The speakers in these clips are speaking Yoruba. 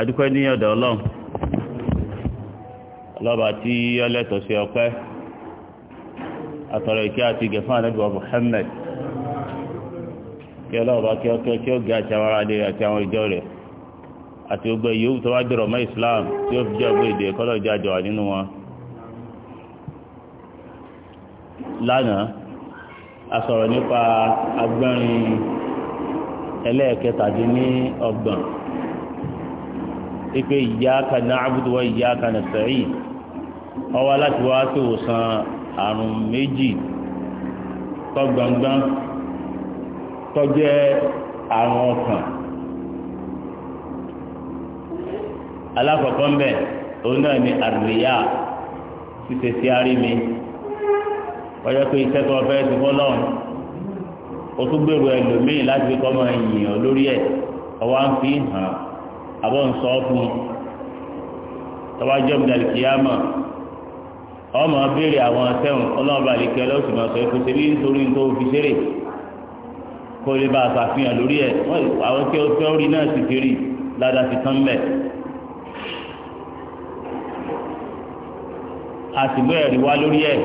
adúpẹ́ ní ọ̀dọ̀ ọlọ́run ọlọ́ba tí ọlẹ́tọ̀ sí ọpẹ́ àtọ̀rọ̀ ìkẹ́ àti gẹ̀fún àdẹ́gbọ̀ Muhammad kí ọlọ́ba kí ọkẹ́ kí ó gẹ àti àwọn aráàlú àti àwọn ìjọ rẹ̀ àti gbogbo ìyówù tó wá dọ̀rọ̀ mọ́ Islam tí ó fi jẹ́ ọgbẹ́ èdè ẹ̀kọ́ lọ́jọ́ àjọ wà nínú wọn. lánàá a sọ̀rọ̀ nípa agbẹ́rin ẹlẹ́ẹ̀kẹtàdínní ọgbọ̀n ipe iyyaka na'budu wa iyyaka nasta'in ọwọ́ láti wá sí òsàn àrùn méjì tó gbọ̀ngbọ́n tó jẹ́ àrùn ọkàn alákọ̀ọ́kọ́ ń bẹ̀ òun náà ni àríyá ṣíṣe sí arí mi ọjọ́ pé iṣẹ́ tó ọfẹ́ ti fọ́ lọ́hùn o tún gbèrò ẹlòmíì láti fi kọ́ mọ ìyìn lórí ẹ̀ ọwọ́ à ń fi hàn án àbọ̀ ń sọ fún tọ́wájọ́ ìdàlì kìyàmà ọmọ béèrè àwọn atẹ́wọ̀n ọlọ́ọ̀bà àlìkẹ́ lọ́sùn máa sọ ẹ́ kó ṣe bí nítorí tó fi ṣeré kó lè bá a ṣàfihàn lórí ẹ̀ àwọn tí ó fẹ́ orí náà sì ti rí ládàá ti tán mẹ́. àtìgbọ́ ẹ̀rí wá lórí ẹ̀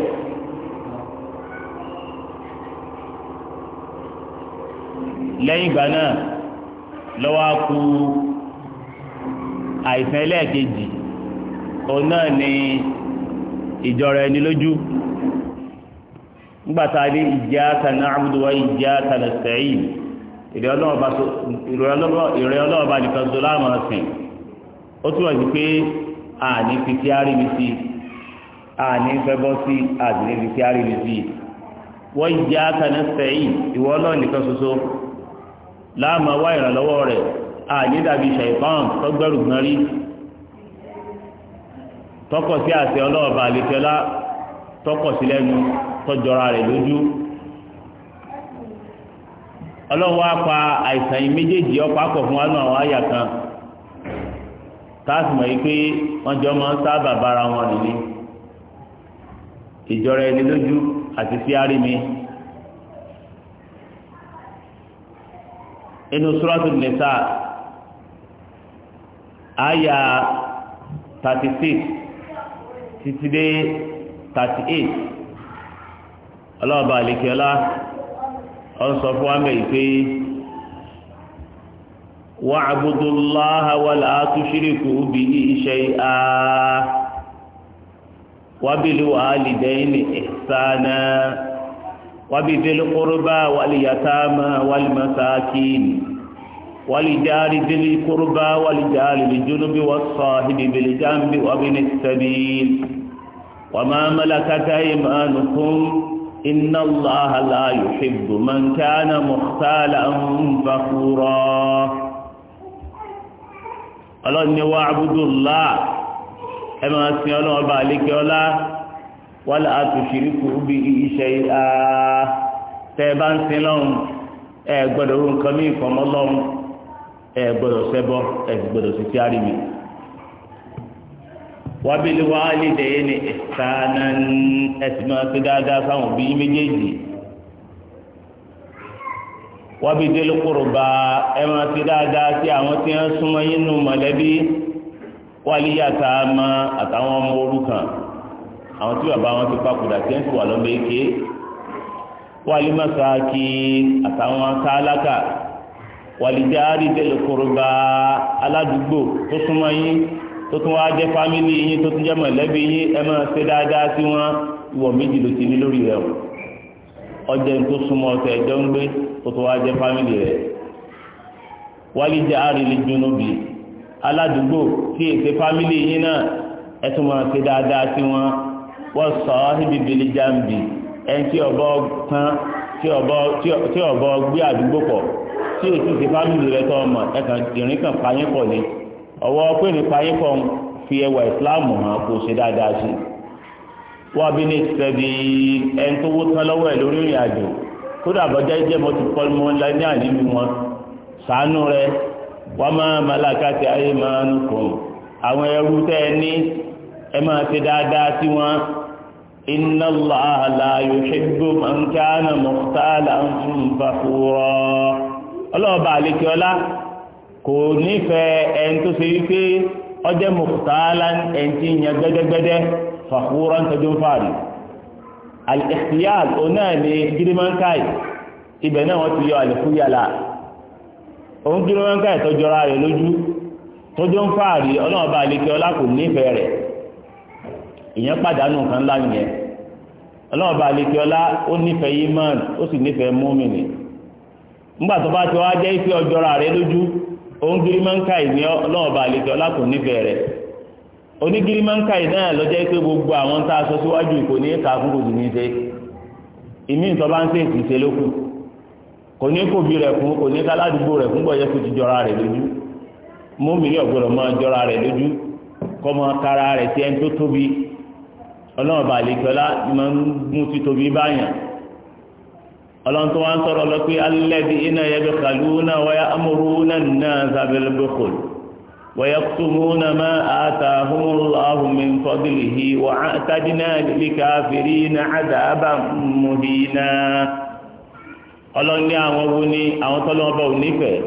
lẹ́yìn ìgbà náà lọ́wọ́ á kú. àìsàn ẹlẹ́ẹ̀kejì òun náà ni ìjọra ẹni lójú nígbàtà ní iyyaka na'budu wa iyyaka nasta'in ìrẹ́ ọlọ́ọ̀bá nìkan tó láàmú ọ̀sìn ó túnbọ̀ sí pé àní fi kí mi sí àní fẹ́ bọ́ sí àdìrí fi kí mi sí wa ọlọ́ọ̀ nìkan ṣoṣo wá ìrànlọ́wọ́ rẹ̀ àní dàbí ṣàìfọ́n tọ́gbẹ́rù gan rí tọkọ̀ sí àṣẹ ọlọ́ọ̀bà àlefẹ́lá tọkọ̀ sí lẹ́nu tọjọra rẹ̀ lójú ọlọ́run wá pa àìsàn yìí méjèèjì ọ̀pá kọ̀ fún wa nù àwọn àyà kan káàsìmọ̀ yìí pé wọ́n jọ máa ń sábà bára wọn nílé ìjọra ẹni lójú àti fíárì mi. inú Suratul Nisa àyà 36، six títí dé thirty eight ọlọ́ọ̀bà àlekẹ́lá ọ sọ fún wa mẹ́yì pé wa'budu Allaha wa la tushriku bihi shay'a wa bil walidayni ihsana wa bidhil qurba wal yatama wal masakin. ولجار ذي القربى ولجار الجنب والصاحب بالجنب وابن السبيل وما ملكت ايمانكم ان الله لا يحب من كان مختالا فخورا ọlọ́ni wa abúdùlá ẹ máa sin ọlọ́run ọba àlékè ọlá wà láti ṣìríkù bí iṣẹ́ ìhà tẹ́ bá ń sin lọ́run ẹ gbọ́dọ̀ orúkọ mí ìfọ̀mọ́ lọ́run ẹ gbọ́dọ̀ ṣẹbọ ẹ gbọ́dọ̀ sì ti àríwí. wábìlì wàhálì dẹ̀yẹ ni ìsànà ẹ sì máa ṣe dáadáa sáwọn òbí méjèèjì wábi délé ẹ máa ṣe dáadáa sí àwọn tí wọ́n súnmọ́ yín nù mọ̀lẹ́bí wálé ma àtàwọn ọmọ òrukàn àwọn tí bàbá wọn ti papòdà tí wọ́n ti wà lọ́mọ èké wálé mọ́sáàkì àtàwọn tálákà. wàlìjáàrí dẹ̀lẹ̀ kòrògbà aládùúgbò tó súnmọ́ yín tó tún wáá jẹ́ fámìlì yín tó tún jẹ́ mọ̀lẹ́bí yín ẹ máa ṣe dáadáa sí wọn ìwọ̀ méjì ló ti ní lórí rẹ̀ o ọjẹ́ tó súnmọ́ ọ̀sẹ̀ ẹ̀jọ́ ń gbé tó tún wáá jẹ́ fámìlì rẹ̀ wàlìjáàrí lè jóná aládùúgbò tí èsè fámìlì yín náà ẹ tún máa ṣe dáadáa sí wọn wọ́n sọ ọ́ tí o sì ti fámìlì rẹ tọ́ ọmọ ẹ̀kan ìrìn kan payín pọ̀ ni ọwọ́ pé ní payín pọ̀ fi ẹwà ìsìláàmù hàn kó ṣe dáadáa sí i wọ́n bí ní ìsẹ̀bi ẹni tó wó tán lọ́wọ́ ẹ̀ lórí ìrìn àjò kódà bọ́jà jẹ́ mo ti ńlá ní àdínú wọn sàánú rẹ wọ́n máa malaka ti ayé máa ń kùn àwọn ẹrú tẹ́ ẹ ní ẹ máa ṣe dáadáa sí wọn inna Allaha la yuhibbu man kana mukhtalan fakhura ọlọ́ọ̀bà àlekè ọlá kò nífẹ̀ẹ́ ẹni tó ṣe wípé ọjẹ́ mùkútàálà ẹni tí ń yan gbẹ́dẹ́gbẹ́dẹ́ fàkúrọ́ ń tọ́jú ń fàrí al-ikhtiyar òun náà ni girimankai ibẹ̀ náà wọ́n ti yọ àlùkúyàlà òun girimankai tó jọra rẹ̀ lójú tó jọ ìyẹn pàdánù nǹkan ńlá nìyẹn ọlọ́run ọlá ó nífẹ̀ẹ́ yimán ó sì nífẹ̀ẹ́ múmìnì nígbà tó bá ti wá jẹ́ ife ọjọ́ra rẹ lójú òun gírí máa ń ka ìní ọlọ́ọ̀bà àlejò ọlákò nífẹ̀ẹ́ rẹ̀ onígírí máa ń ka ìní náà lọ́jọ́ pé gbogbo àwọn tá a sọ síwájú kò ní kà fún kò sì ní ṣe ìmí ìtọ́ bá ń ṣe ìṣe lókù kò ní kò bí rẹ̀ fún kò ní káládùúgbò rẹ̀ fún gbọ́jẹ́ kò ti jọra rẹ̀ lójú mọ́mìnì ọ̀gbọ́dọ̀ máa jọra rẹ̀ lójú kọ́ máa kára rẹ̀ sí ẹni tó tóbi ọlọ́ọ̀bà àlejò ọlá ọlọ́run tó wá ń sọ̀rọ̀ lọ pé alẹ́bí iná yẹbi kàlúùnà wáyà amúrúnà náà sábẹ́lẹ́ bẹ́kọ̀l wáyà túmúnà má àtà húnláhùn mi fọ́dúlì hì wà á tàdínà lè káfìrí iná àdàbà mùhìnà ọlọ́run ní àwọn wo ni àwọn tọ́lọ́ ọba ò nífẹ̀ẹ́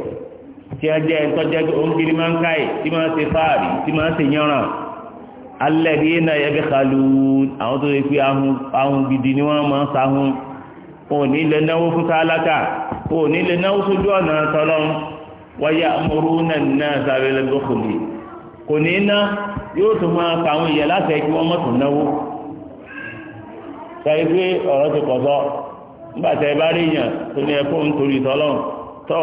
tí a jẹ́ tọ́jẹ́ òǹkiri máa ń káyè tí máa ṣe fáàrí tí máa ṣe yánràn alẹ́bí iná yẹbi kàlúùn àwọn tó òní lè náwó fún tálákà òní lè náwó sójú ọ̀nà tọ́lọ́run wáyà mọ̀rú náà sáré lẹ́gbọ́kùnlé kò ní ná yóò tún máa pa àwọn èèyàn láti ẹ̀kí wọ́n mọ̀tún náwó sọ pé ọ̀rọ̀ tó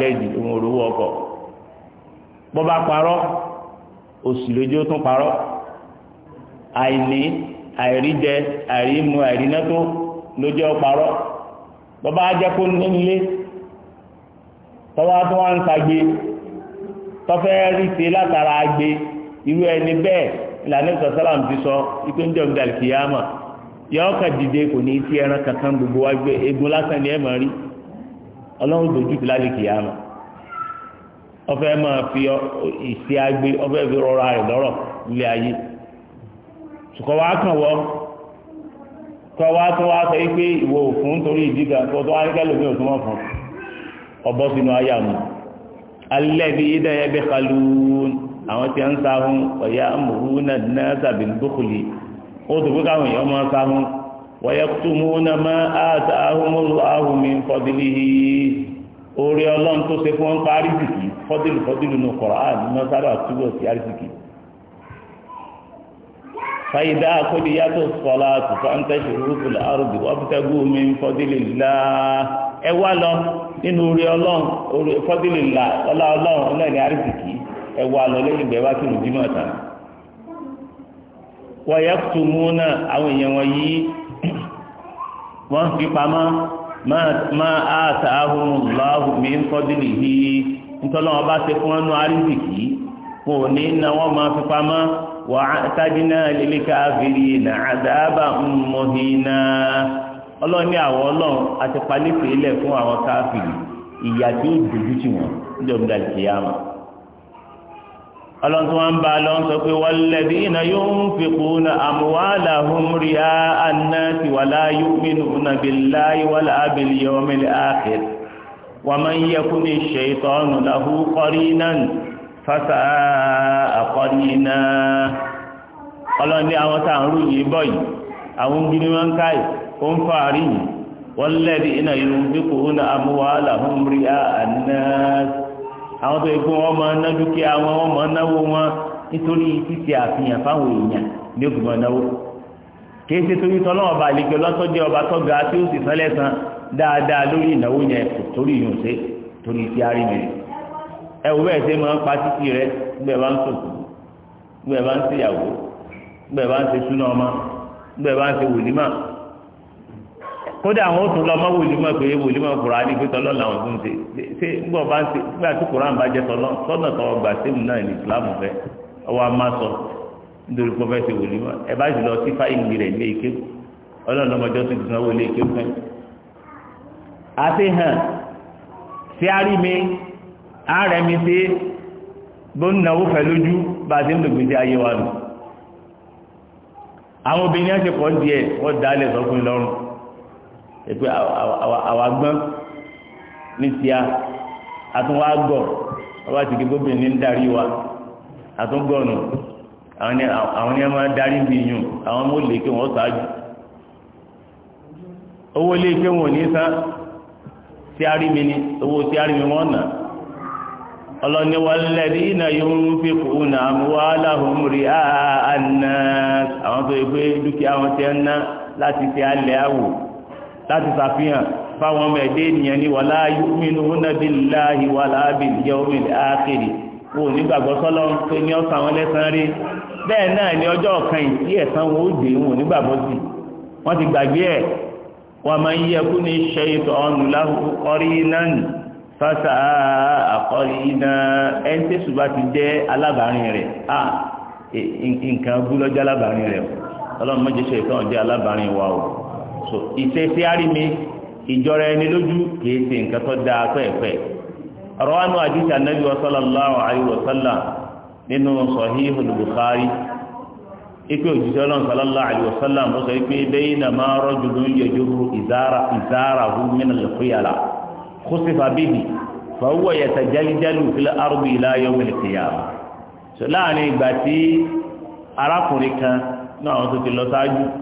ní ẹkọ́ bọba parọ́ òsì lójú ó tún parọ́ àìní àìríjẹ àìrímu àìrínátó lójú ó parọ́ bọ́bá jẹ́ kó nílé tọ́wá tó wá ń tọ́fẹ́ agbe irú ẹni bẹ́ẹ̀ ìlànà ìsọ̀sọ́làm ti sọ ikú ń jọ gbà kìyàmà yọ dìde kò ní ẹran kankan ọfẹ máa fi isi agbe ọfẹ fi rọra rẹ lọ́rọ̀ nílé ayé ṣùkọ wa kàn wọ kọ wa tó wa sọ pé ìwọ òfun torí ìdí kan tó kẹlòmí òfin wọn fún ọbọ sínú ayé àmì alẹ́bí ìdáyẹ bí kalu àwọn tí ń ó fún káwọn èèyàn máa mú náà máa àtàhùn mọ́lù àhùn mi orí ọlọ́run tó ṣe fún wọn arísìkì fọ́dìlù fọ́dìlù nù Qur'an sáré àtúbọ̀ sí arísìkì. fàyídá akódiyàtọ̀ sọlá tùfà ń àrùbí ẹ wá lọ nínú orí ọlọ́run ọlá ọlọ́run ọlọ́run arísìkì ẹ wá lọ lẹ́yìn ìgbẹ́ wá wọ́n yẹ kùtùmù náà àwọn èèyàn wọn yìí ma ataahumullahu min fadlihi ntọ́lọ́wọ́ bá ṣe fún ọ́nù àríṣìkì kò ní na wọ́n máa fi pamọ́ wà á tajínà lil kafirina adaban muhina ọlọ́run ní ọlọ́run àti palẹ́fẹ̀ẹ́lẹ̀ fún àwọn káfìrí ìyà tí ó dojú ọlọ́run tí wọ́n ń bá a lọ sọ pé walladhina yunfiquna amwalahum riya'a an-nasi wala yu'minuna billahi wala bil yawmil akhir wa man yakuni shaytanu lahu qarinan fasa'a qarina ọlọ́run ní àwọn tá à ń rú yìí bọ̀ àwọn ń gbin wọn káì ó ń fa àrí yìí walladhina yunfiquna amwalahum riya'a an-nasi àwọn tó yẹ kó wọn máa ná dúkìá wọn wọn máa náwó wọn nítorí títí àfihàn fáwọn èèyàn ní òkú máa náwó kìí ṣe torí ọba àlejò lọ́sọ́jẹ́ ọba tọ́ga tí ó sì san dáadáa lórí ìnáwó yẹn torí ṣe torí ti ẹ wò bẹ́ẹ̀ ṣe máa ń pa rẹ gbẹ bá ń sòkò gbẹ bá ń kódà àwọn òtún lọ mọ wòlímọ̀ pé wòlímọ̀ kùránì pé tọ́lọ́ làwọn tó ń ṣe ṣé ńgbọ́ bá ń ṣe nígbà tí kùránì bá jẹ́ tọ́lọ́ sọ́nà tọ́wọ́ gbà sẹ́mu náà ní ìsìlámù fẹ́ ọwọ́ a máa sọ nítorí pé fẹ́ẹ́ ṣe wòlímọ̀ ẹ bá jùlọ sí fáìlì rẹ̀ ilé ike ọlọ́run ọmọdé tó ti sanwó ilé ike fẹ́. àti hàn sí àárí mi àárẹ̀ mi sí bó ń náwó fẹ́ lójú bá a ti ń lògbèsè ayé wa nù àwọn obìnrin á ṣe pọ̀ ń di ẹ̀ wọ́n dá alẹ́ sọ́kùnrin lọ́rùn èpè àwa gbọ́n ní tíá àtúnwá gọ̀ ọba ti di gómìnà ń darí wa àwọn ni a máa darí bí yùn àwọn ọmọ olè kí wọ́n sáájú owó ilé ìpé wọn ò ní sán tí a ni owó tí a rí mi wọ́n nà ọlọ́ni walladhina yunfiquna amwalahum an-nas àwọn tó yẹ pé dúkìá wọn ti ń ná láti ṣàfihàn fáwọn ọmọ ẹ̀dẹ́ ènìyàn ní wàlá yu'minuna billahi wàlá bil yawmil akhir wò nígbàgbọ́ sọ́lọ́ pé ní ọ̀sán àwọn ẹlẹ́sàn rí bẹ́ẹ̀ náà ní ọjọ́ kan ìtí ẹ̀sán wọn ó dé wọn nígbàgbọ́ sí wọ́n ti gbàgbé ẹ̀ wa alábàárin a nǹkan bú lọ́jọ́ alábàárin rẹ̀ ọlọ́run mọ́jẹ́sẹ̀ ìtàn jẹ́ alábàárin wa o so ìṣesí àrími ìjọra ẹni lójú kìí ṣe nǹkan tó dáa pẹ́ẹ́pẹ́ ọ̀rọ̀ wa nù àdìsí anabi wa sallallahu alayhi wa sallam nínú sahih al-bukhari ipe òjíṣẹ́ ọlọ́run sallallahu alayhi wa ó sọ pé bayna ma rajulun yajurru izarahu min al-khuyala khusifa bihi fa huwa yatajaljalu fil ardi ila yawm al-qiyamah so láàrin ìgbà tí arákùnrin kan náà àwọn tó ti lọ sáájú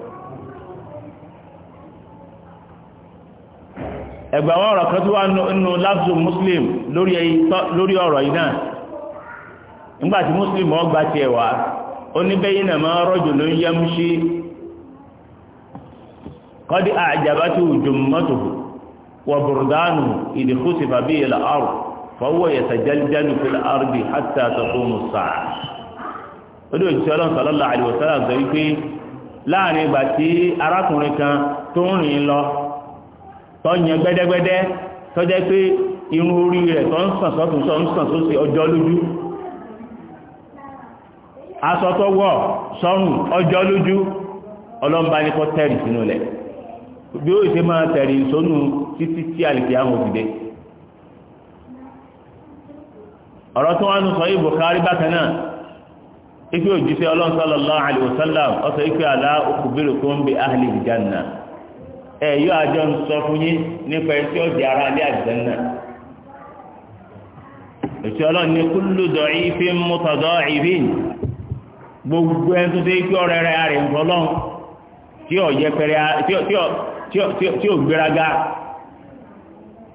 ẹgbà wọn ọ̀rọ̀ kan tó wà nínú lafzu muslim lórí ọ̀rọ̀ yìí náà nígbà tí muslim ọgbà tiẹ̀ wá ó ní bẹ́yìn náà máa rọ́jò ló ń yamshi kọ́dí àjàbátì òjòmọ́tò wà bùrùdánù ìdíkùsì fàbí ìlà ọ̀rọ̀ fọwọ́ yatajaljalu fil ó dé òjì ọlọ́run sallallahu alaihi wasallam sọ wípé láàrin ìgbà tí arákùnrin kan tó tọ́yàn gbẹ́dẹ́gbẹ́dẹ́ tọ́jẹ́ pé irun orí rẹ̀ tọ́ ń sàn sọ́tún sọ ń sàn sósì ọjọ́ lójú aṣọ tó wọ̀ sọ́rùn ọjọ́ lójú ọlọ́mba ní kọ́ tẹ̀rì sínú lẹ̀ bí ó ṣe máa tẹ̀rì sónú títí tí àwọn ọ̀rọ̀ tó sọ bákan ẹ̀yọ́ àjọ ń sọ fún yín nípa ẹtí ọ̀dì ara ilé àjẹ́ náà ètò ọlọ́run ní kúlù dọ̀yí fi ń mú tọ̀dọ̀ ìbí gbogbo ẹni tó ṣe kí ọ̀rẹ́ rẹ̀ rẹ̀ ń tí yẹ tí gbéraga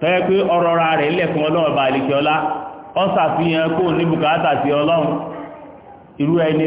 pé ọ̀rọ̀ ra rẹ̀ fún ọlọ́run ọlá ó ṣàfihàn kó ní bùkátà sí ọlọ́run irú ẹni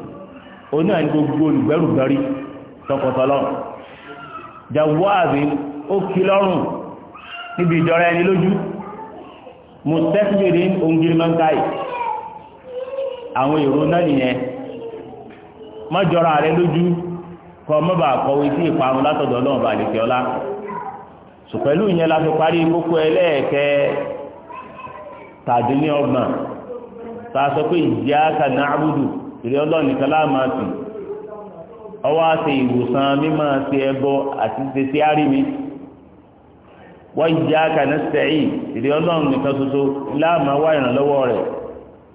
òun náà ní gbogbo olùgbẹ́rùgbẹ́rí tọkọtọlọ́ jawaabi ó kí lọ́rùn níbi ìjọra ẹni lójú mùsẹ́kìrì ongirimankai àwọn èrò náà nìyẹn mọ́jọra rẹ lójú kọ mọ́bà kọ̀wé sí ìparun látọ̀dọ̀ ọlọ́run bá lè fi ọlá sùpẹ̀lú ìyẹn la fi parí ìrẹ́ ọlọ́run nìkan láàmà ọwọ́ àti ìwòsàn mímọ́ àti ẹbọ àti tètè àrími wọ́n jẹ́ àkànná sẹ́yìn ìrẹ́ ọlọ́run nìkan ṣoṣo láàmà wá ìrànlọ́wọ́ rẹ̀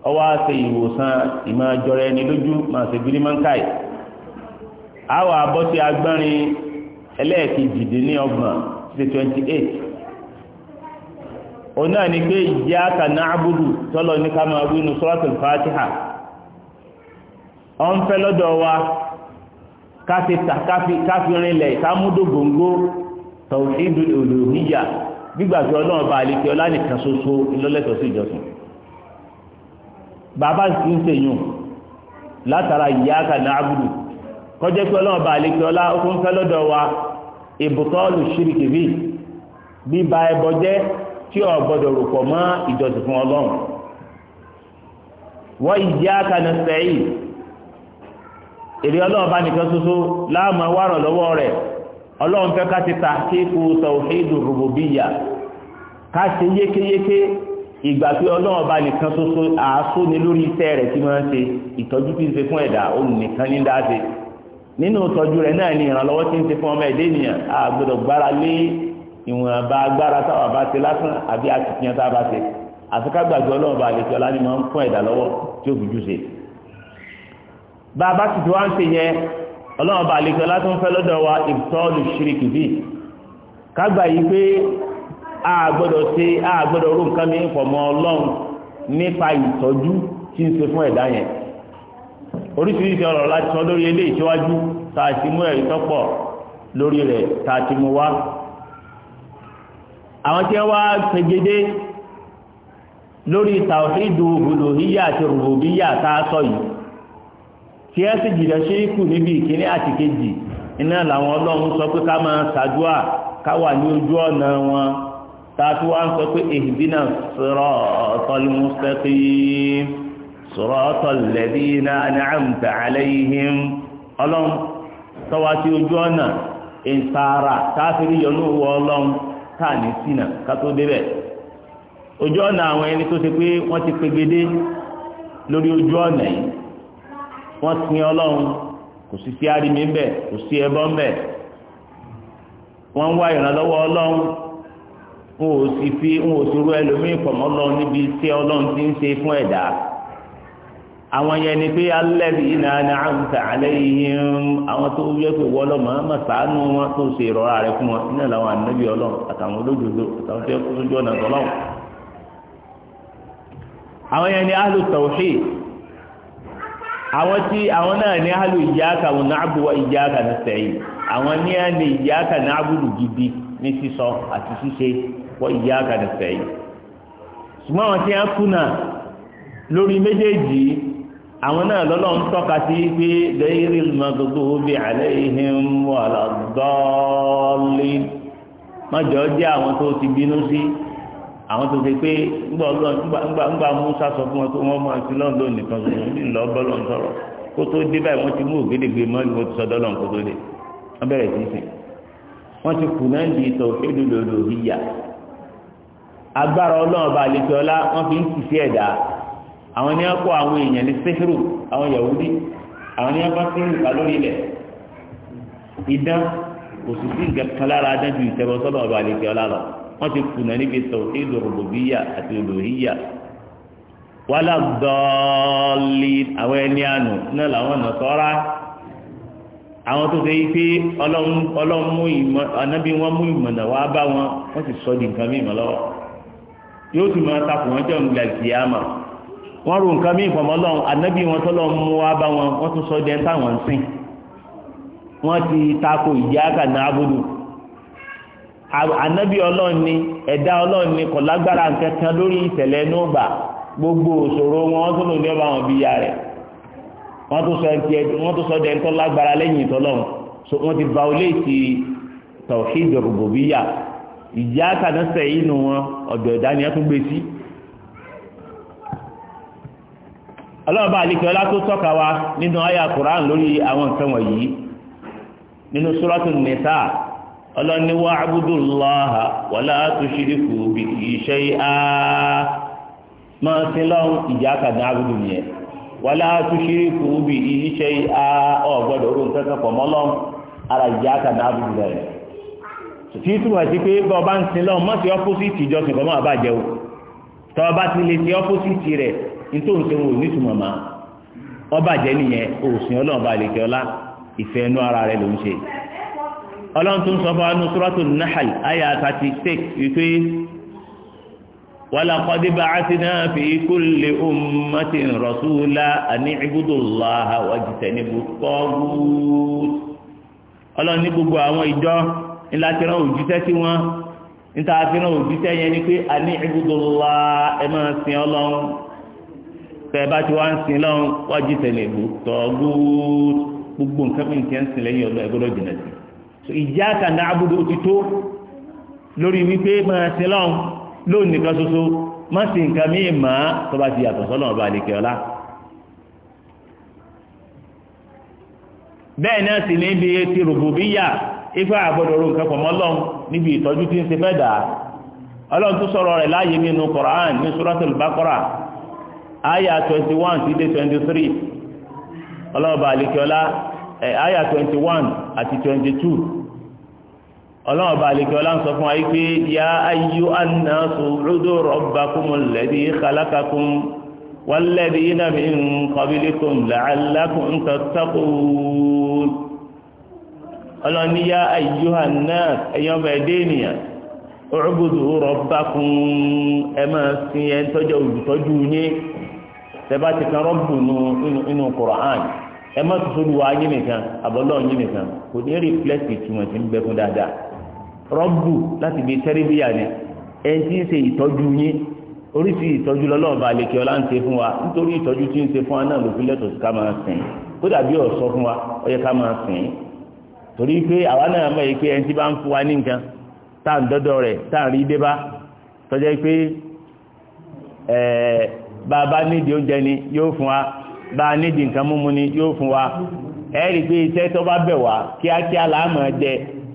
ọwọ́ àti ìwòsàn ìmọ̀ àjọrọ ẹni lójú A ṣe bírí mọ́ńkàì àwọ̀ àbọ̀tí agbọ́nrin ẹlẹ́ẹ̀kejìdínlọ́gbọ̀n sí twenty eight òun náà ni pé ìjẹ́ na àbúrú tọ́lọ ní ọ ń fẹ́ lọ́dọ̀ wa káfi káfi rinlẹ̀ kámúdò gbòǹgbò tọ̀síìdù olùhíyà gbígbàgbé ọlọ́run bá àlekè ọlá nìkan ṣoṣo ńlọ́lẹ́tọ̀ sí ìjọsìn bàbá sì ń sèyún látara ìyáàkà náà gbùdù kọjá pé ọlọ́run bá àlekè ọlá ó tún fẹ́ lọ́dọ̀ wa ìbùtọ́ọ̀lù ṣìrìkì bíi bíba ẹbọ tí o gbọ́dọ̀ rò pọ̀ mọ́ ìjọsìn fún ọlọ́run wọ́n ìyáàkà náà sẹ́yìn èrè ọlọ́run bá nìkan ṣoṣo láàmú wárọ̀ lọ́wọ́ rẹ̀ ọlọ́run fẹ́ ká ti ta kíkú tawhidu rububiyya ká ṣe yékéyéké ìgbà pé ọlọ́run bá nìkan ṣoṣo àásó ni lórí iṣẹ́ rẹ̀ tí wọ́n ń ṣe ìtọ́jú tí ń ṣe fún ẹ̀dá òun ní dáṣe nínú ìtọ́jú rẹ̀ náà ni ìrànlọ́wọ́ tí ń ṣe fún ọmọ ẹ̀dẹ́ ènìyàn a gbọ́dọ̀ gbára lé ìwọ̀nba agbára táwa bá ṣe lásán àbí àtìkíyàn táwa bá ṣe ṣe bá a bá ti wá ń ṣe yẹn ọlọ́run bá lè sọ láti ń fẹ́ lọ́dọ̀ wa ìtọ́lù ṣíríkì bíi kágbà yìí pé a gbọ́dọ̀ ṣe a gbọ́dọ̀ ró nǹkan mi pọ̀mọ́ ọlọ́run nípa ìtọ́jú tí ń ṣe fún ẹ̀dá yẹn oríṣiríṣi ọ̀rọ̀ láti sọ lórí eléyìí síwájú tá a ti mú ẹ̀rí tọ́pọ̀ lórí rẹ̀ tá a ti mú wá àwọn tí wá pegedé lórí tàwíìdù olùhíyà àti rùbùbíyà tá a sọ yìí tí ẹ sì jìnnà ṣe é kù níbi ìkíní àti kejì iná làwọn ọlọ́run sọ pé ká máa ṣàdúà ká wà ní ojú ọ̀nà wọn tààtú wa ń sọ pé ihdina siratal mustaqim siratal ladina an'amta alayhim ọlọ́run tọ́wá sí ojú ọ̀nà ìtaara káfíìrì yọ̀nù wọ ọlọ́run ní sínà ká tó débẹ̀ ojú wọ́n sin ọlọ́run kò sí sí àrímí ń bẹ̀ kò sí ẹbọ ń bẹ̀ wọ́n ń wá ìrànlọ́wọ́ ọlọ́run ń ò sì fi wọn ò sì rú ẹlòmíì pọ̀ níbi tí ọlọ́run ti ń ṣe fún ẹ̀dá àwọn yẹn ni pé alladhina yìí alayhim àwọn tó yẹ sàánú tó ṣe rẹ fún àwọn tí àwọn náà ní àlù iyyaka na'budu wa iyyaka nasta'in àwọn ní à ní iyyaka na'budu gidi ní sísọ àti ṣíṣe wa iyyaka nasta'in ṣùgbọ́n àwọn tí wọ́n kùnà lórí méjèèjì àwọn náà lọ́lọ́run tọ́ka sí pé lẹ́yìn ìmọ̀tòtò obì àlẹ́yìn wà lọ́dọ́ọ́lì mọ́jọ́ jẹ́ àwọn tó ti bínú sí. àwọn tó ṣe pé ńgbà ńgbà musa sọ fún wọn pé wọn máa ti lọ́ńdọ̀ nìkan sọ̀rọ̀ ní ìlọ bọ́lọ̀ ń sọ̀rọ̀ kó tó dé báyìí wọ́n ti mú ògédègbè mọ́lì wọ́n ti sọ dọ́lọ̀ kó tó dé wọ́n bẹ̀rẹ̀ sí sìn wọ́n ti kù náà di ìtọ̀ ìdúlòdò yíyà agbára ọlọ́run bá lè fi ọlá wọ́n fi ń kì sí ẹ̀dá àwọn ní akọ àwọn èèyàn ní sẹ́hìrù àwọn yahudi àwọn ní akọ sẹ́hìrù kà lórí ilẹ̀ ìdán òṣìṣì nǹkan kan lára adájú ìtẹ́wọ́sọ́lọ́run bá lè fi ọlá wọ́n ti kùnà níbi tawhid rububiyya àti uluhiyya wàlá dọ́ọ̀lì àwọn ẹni àná náà làwọn ọ̀nà sọ́ra àwọn tó ṣe pé ọlọ́run ìmọ̀ wọn mú ìmọ̀nà wá bá wọn wọ́n sọ di nǹkan mímọ̀ lọ́wọ́ yóò máa takùn wọn jẹ́ wọ́n nǹkan mímọ̀ wọn tọ́lọ́ mú wá bá wọn wọ́n tún sọ di ti takò kàná abúlù ànábì ọlọ́run ni ẹ̀dá ọlọ́run ni kò lágbára kankan lórí ìtẹ̀lẹ́ nùgbà gbogbo òṣòro wọn wọ́n tún lò ní ọba àwọn bíi ya rẹ̀ wọ́n tún sọ ẹ̀ntì ẹ̀dùn wọ́n tún sọ dẹ̀ntọ́ lágbára lẹ́yìn ìtọ́lọ́run so wọ́n ti violate tawhid rububiyya ìjà kàdánṣẹ́ yìí nù wọn ọ̀dọ̀ ẹ̀dá ni ẹ tún gbé sí. ọlọ́ọ̀bá àlekẹ́ ọlá tó tọ́ka wa nínú àyà Qur'an lórí àwọn nǹkan wọ̀nyí nínú Suratul ọlọ́ni wá abudullaha wala tushriku bihi shay'a máa ti lọ́wọ́ ìjà kàdá abudu nìyẹn wala tushriku bihi shay'a ọ̀ gbọ́dọ̀ orun kẹ́kẹ́ pọ̀ mọ́ lọ́wọ́ ara abudu tí sí pé ń sin lọ́wọ́ mọ́ sí ọ́pọ́sìtì ìjọsìn o tọ́ ọba ti lè ọlọ́run tó ń sọ fún anusrọ́tò nahal aya thirty six wípé walaqad ba'athna fi kulli ummatin rasula ani ibudu allaha wajtanibu taghut ọlọ́run ní gbogbo àwọn ìjọ ńlá ti rán òjíṣẹ́ sí wọn níta fi rán yẹn ni pé ani ibudu ẹ máa sin ọlọ́run tẹ bá ti ń sin lọ́run wájú tẹ̀lé ìbò gbogbo nǹkan mìíràn ti ń sin lẹ́yìn ọlọ́run ẹ gbọ́dọ̀ sí iyyaka na'budu òtító lórí wípé máa sin lọ́n nìkan ṣoṣo má sì nǹkan ma mà á tó bá ti yàtọ̀ sọ́nà ọba àlèkè ọ̀la. bẹ́ẹ̀ náà sì ti ifá àgbọ̀dọ̀ ro nǹkan pọ̀ mọ́ lọ́n níbi ìtọ́jú tí ń ṣe fẹ́ dà á ọlọ́run tó sọ̀rọ̀ rẹ̀ láàyè nínú ní ọlọ́run bá àlejò ọlá ń sọ fún wa yìí pé ya ayyuhan nasu u'budu rabbakumul ladhi khalaqakum والذين من قبلكم لعلكم تتقون ọlọ́ni yá ayyuhan nas ẹ̀yàn ọmọ ẹ̀dẹ́ ènìyàn u'budu rabbakum ẹ máa sin ẹ ń tọ́jú olùtọ́jú yín tẹ́bá ti kan rọ́bù nínú Qur'an ẹ má tutù lu wa yín nìkan àbọ̀lọ́ yín nìkan kò ní rí flẹ́sì ti ń bẹ fún dáadáa rọ́bù láti bí tẹ́rìbíyà ni ẹni tí ń ṣe ìtọ́jú yín oríṣìí ìtọ́jú lọ́lọ́ọ̀bà àlekè ọlá ń fún wa nítorí ìtọ́jú tí ń ṣe fún wa náà ló fi sí ká máa sìn kó dàbí ọ̀sọ́ fún wa ọyẹ ká máa sìn torí pé àwa náà mọ̀ yìí pé ẹni tí bá ń fún wa tá à ń dọ́dọ̀ rẹ̀ tá à ń rí bá a bá nídìí oúnjẹ ni yóò fún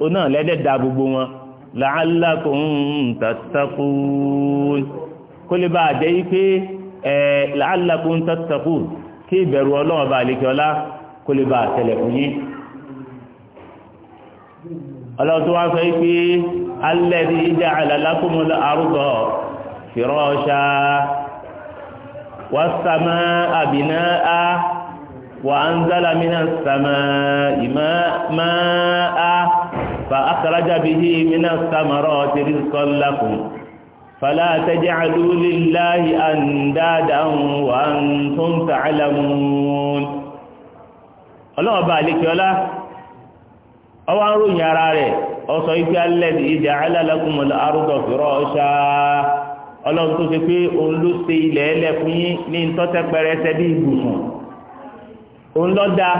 òun náà lẹ́dẹ̀ da gbogbo wọn la'allakum tattaqun kó lè bá a jẹ́ yí pé ẹ̀ la'allakum tattaqun kí ìbẹ̀rù ọlọ́run bá àlejò ọlá kó lè bá tẹ̀lẹ̀ fún yín. ọlọ́run tó wá sọ yí pé alladhi ja'ala lakumul arda firasha was samaa binaa. وأنزل من السماء ماء فأخرج به من الثمرات رزقا لكم فلا تجعلوا لله أندادا وأنتم تعلمون الله بالك ولا أو أنرون يا أو صيك الذي جعل لكم الأرض فراشا الله tó ṣe pé òun ló ṣe ilẹ̀ ẹlẹ̀ òun lọ́dà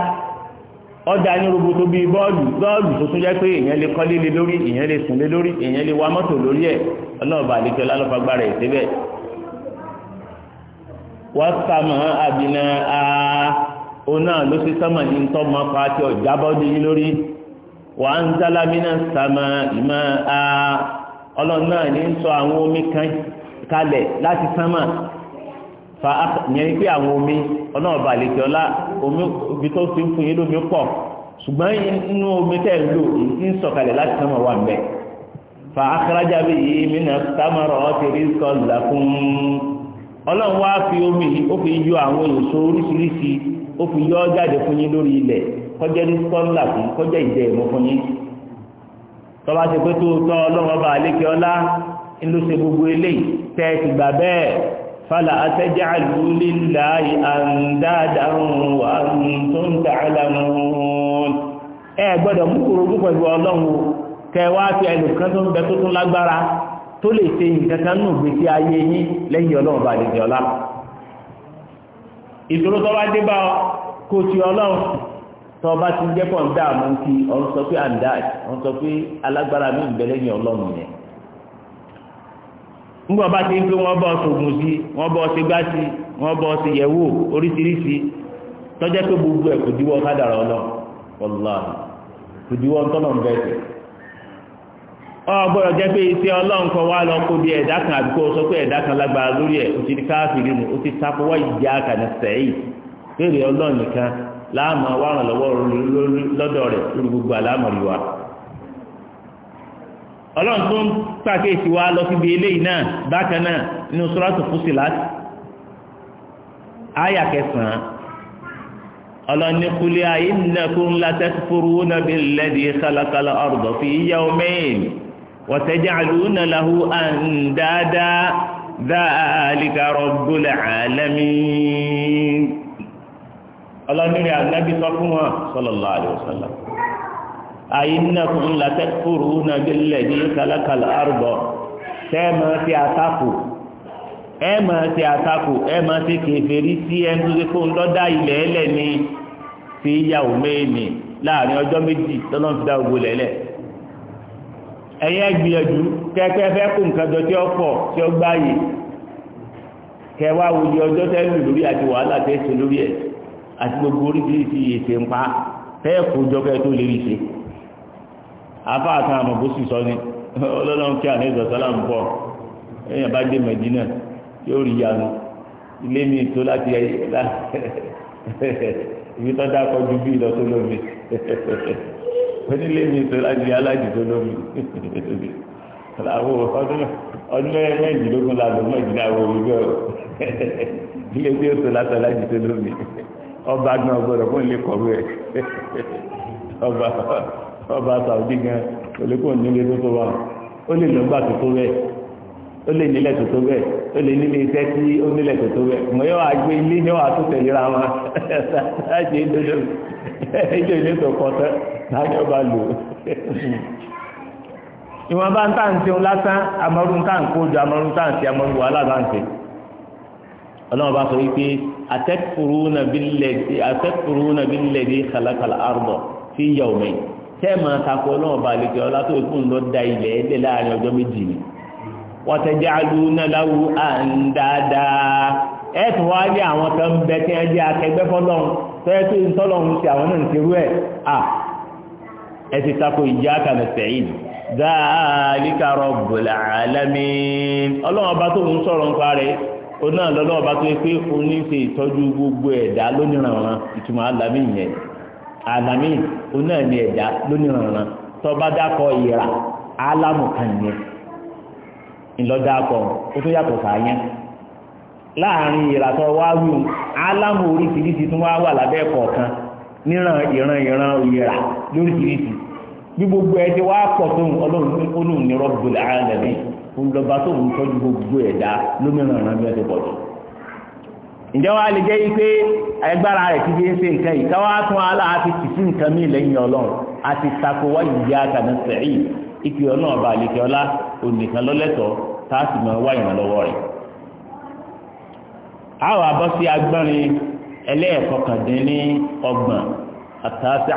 ọjà ní roboto bí bọ́ọ̀lù bọ́ọ̀lù tó tún jẹ́ pé èèyàn lè kọ́lé lórí èèyàn lè sùn lé lórí èèyàn lè wa mọ́tò lórí ẹ̀ ọlọ́ọ̀bà àlejò lálọ́fagbára ẹ̀ síbẹ̀. wọ́n sàmọ́ àbínà òun náà ló ṣe sọ́mọ̀ ní tọ́mọ pa ọjà ọ̀já bọ́ọ̀lù lórí wọ́n ń sàmọ́ ìmọ̀ náà ní sọ àwọn omi kan kalẹ̀ láti sánmà fa pé àwọn omi ọlọ́ọ̀bà àlejò omi ibi tó ti ń fún yín lómi pọ̀ ṣùgbọ́n inú omi tẹ́ ń lò ń sọ̀kalẹ̀ láti wà ń bẹ̀ fa akarajà bí yìí mina tamara ọtí rizkọ ọlọ́run wá fi omi ó fi yọ àwọn èso oríṣiríṣi ó fi yọ jáde fún yín lórí ilẹ̀ kọjá rizkọ kọjá ìmọ̀ fún yín tọ́ba ti pé tó tọ́ ọlọ́run fala atẹ́jàlú lílàáyì àndáadáhùn wà tó ń tààlàmùn ẹ gbọ́dọ̀ mú orogún pẹ̀lú ọlọ́run kẹwàá fi ẹlùkan tó ń bẹ tó tún lágbára tó lè ṣe nǹkankan nù gbèsè ayé yín lẹ́yìn ọlọ́run bá lèdè jẹ́ pọ̀ ńgbọ́ bá ti ń pé wọ́n bọ́ ṣògùn sí wọ́n bọ́ ṣe gbá sí wọ́n bọ́ ṣe yẹ̀wò oríṣiríṣi tọ́jẹ́ pé gbogbo ẹ̀ kò díwọ́ kádàrà ọlọ́run wàláhì kò díwọ́ tọ́nà bẹ́ẹ̀ ọgbọ́dọ̀ jẹ́ pé iṣẹ́ ọlọ́run kan bí ẹ̀dá kan àbí kó sọ pé ẹ̀dá kan lágbára lórí ẹ̀ o ti di ọlọ́run tó ń pàkíyèsí wa lọ síbi eléyìí náà bákan náà nínú sọ́rọ́tù Fussilat àyà kẹsàn-án ọlọ́ni kúlẹ̀ ayé nàkún látẹ́kùrú nàbí lẹ́dí kálákálá ọ̀rọ̀dọ̀ fi yíyá omeyin wọ́tẹ́jà lùnà lahu àǹdáadá dáàlìkà rọ̀gbọ́lẹ̀ àlámì. ọlọ́ni rẹ̀ ànábì sọ fún wọn sallallahu alaihi àyínnàkùn látẹ́kùrù nàbílẹ̀ ní kálákàlà àrùbọ̀ tẹ́ẹ̀mọ́ sí àtakò ẹ̀mọ́ sí àtakò ẹ̀mọ́ sí kèfèrí sí ẹnu tó kó ń lọ́dá ilẹ̀ ẹlẹ̀ ní sí ìyàwó méèní láàrin ọjọ́ méjì tọ́nà fi dá ogun lẹ́lẹ̀ ẹ̀yẹ́ gbìyànjú kẹ́kẹ́ fẹ́ kó nǹkan jọ tí ó pọ̀ tí ó gbáyé kẹwàá wòye ọjọ́ tẹ́lú lórí àti wàhálà tẹ́sẹ̀ lórí ẹ̀ àti gbogbo oríṣiríṣi ètè ń pa fẹ́ẹ̀ kó tó lè rí afá àtàn àmọ̀gbósù sọ ni ọlọ́run kí àná ìzọ̀sọ́lá ń bọ̀ èèyàn bá dé mẹ̀dínà yóò rí yanu ilé mi tó láti ẹ̀yẹ́lá ibi tó dákọ̀ ju bí lọ tó lómi onílé mi tó láti rí aláàjì tó lómi ọdún mẹ́rìndínlógún làbọ̀ mẹ́jìlá wo wíwẹ́ o ilé tí ó tó láti aláàjì tó lómi ọba gbọ́dọ̀ fún ilé kọ̀wé ọba ọba Saudi gan olùkọ́ nílé tó tó wà ó lè lọ́gbà tó tó bẹ́ẹ̀ ó lè nílẹ̀ tó tó bẹ́ẹ̀ ó lè nílé iṣẹ́ tí ó nílẹ̀ tó tó bẹ́ẹ̀ mọ̀ yóò àgbé ilé yóò àtúntẹ̀lera wọn láti ìdójọ́ ìjọ ilé tó kọ́ tẹ́ láti ọba lò ìwọ̀n bá ń tàǹtì lásán amọ́rún tàǹkó ju amọ́rún tàǹtì amọ́rún wàhálà tàǹtì ọlọ́run bá sọ wípé atẹ́kùrú nàbí lẹ́dí khalaqal arda fi yawmayn tẹ́ẹ̀mà takọ ọlọ́run bá lè jẹ́ ọlá tó ìkún lọ da ilẹ̀ ẹ̀dẹ̀ láàrin ọjọ́ méjì ni wọ́n tẹ́jẹ́ alúnáláwú àǹdáadáa ẹ̀tù wá ní àwọn tó ń bẹ tí wọ́n jẹ́ akẹgbẹ́ fọ́lọ́run tẹ́ẹ̀ tó ń tọ́lọ́run sí àwọn náà ń serú ẹ̀ à ẹ ti takọ ìjà kàmì sẹ́yìn dáàlíkà rabbul alamin ọlọ́run ọba tó ń sọ̀rọ̀ ń parẹ́ onáà lọ́lọ́run ọba tó yẹ pé oníṣe ìtọ́jú gbogbo ẹ̀dá lónìí àlàmì òun náà ní ẹ̀dá lónìrànràn bá dákọ̀ ìyẹ̀rà álámù kan ó tún yàtọ̀ sàáyẹn láàrin ìyẹ̀rà tó wá wù álámù oríṣiríṣi tún wá wà lábẹ́ kọ̀ọ̀kan níran ìran ìran ìyẹ̀rà lóríṣiríṣi bí gbogbo ẹ ti wá pọ̀ tó ọlọ́run ní tó ń tọ́jú gbogbo ẹ̀dá lómìnira bí ti pọ̀ jù. ǹjẹ́ wàá lè jẹ́ pé agbára rẹ̀ ti dé ṣe nǹkan yìí tún wàhálà àti tìsí nǹkan mí lẹ́yìn ọlọ́run àti takò wá ìyá sẹ́yìn ìpè ọ̀nà ọba àlèkè ọlá onìkan a wá ìrànlọ́wọ́ rẹ̀. àwọn àbọ̀ sí agbọ́nrin ẹlẹ́ẹ̀kọkàndínní ọgbọ̀n àtàṣe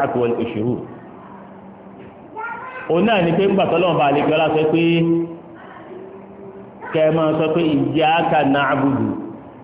òun náà ni pé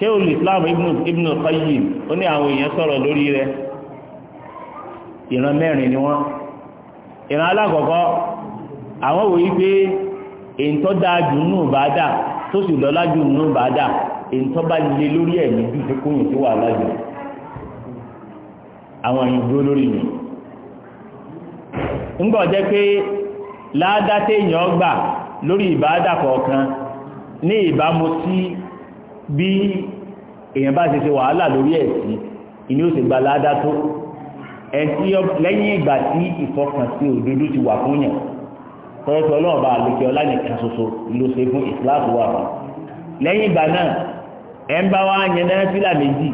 sheikhul islam ibn qayyim ó ní àwọn èèyàn sọ̀rọ̀ lórí rẹ. ìran mẹ́rin ni wọ́n ìran alákọ̀ọ́kọ́ àwọn wòye pé èyí dáa jù nù bá dà tó sì lọ́lá jù nù bá dà èyí bá lé lórí ẹ̀mí jù tó kóyìn tó wà lájọ àwọn èèyàn dúró lórí mi ńgbọ́ jẹ́ pé ládàá téèyàn gbà lórí ìbáàdà kọ̀ọ̀kan ní ìbámu sí bí èèyàn bá ṣe ṣe wàhálà lórí ẹ̀sìn ìní ó sì gba ládá tó ẹ̀sìn lẹ́yìn ìgbà tí ìfọkànsí òdodo ti wà fún yàn tọ́lọ́tọ́ ọlọ́ọ̀bá àlòkè ọlá nìkan ṣoṣo ló ṣe fún ìsìláàfù wà fún lẹ́yìn ìgbà náà ẹ̀ ń bá wá yẹn náà fílà méjì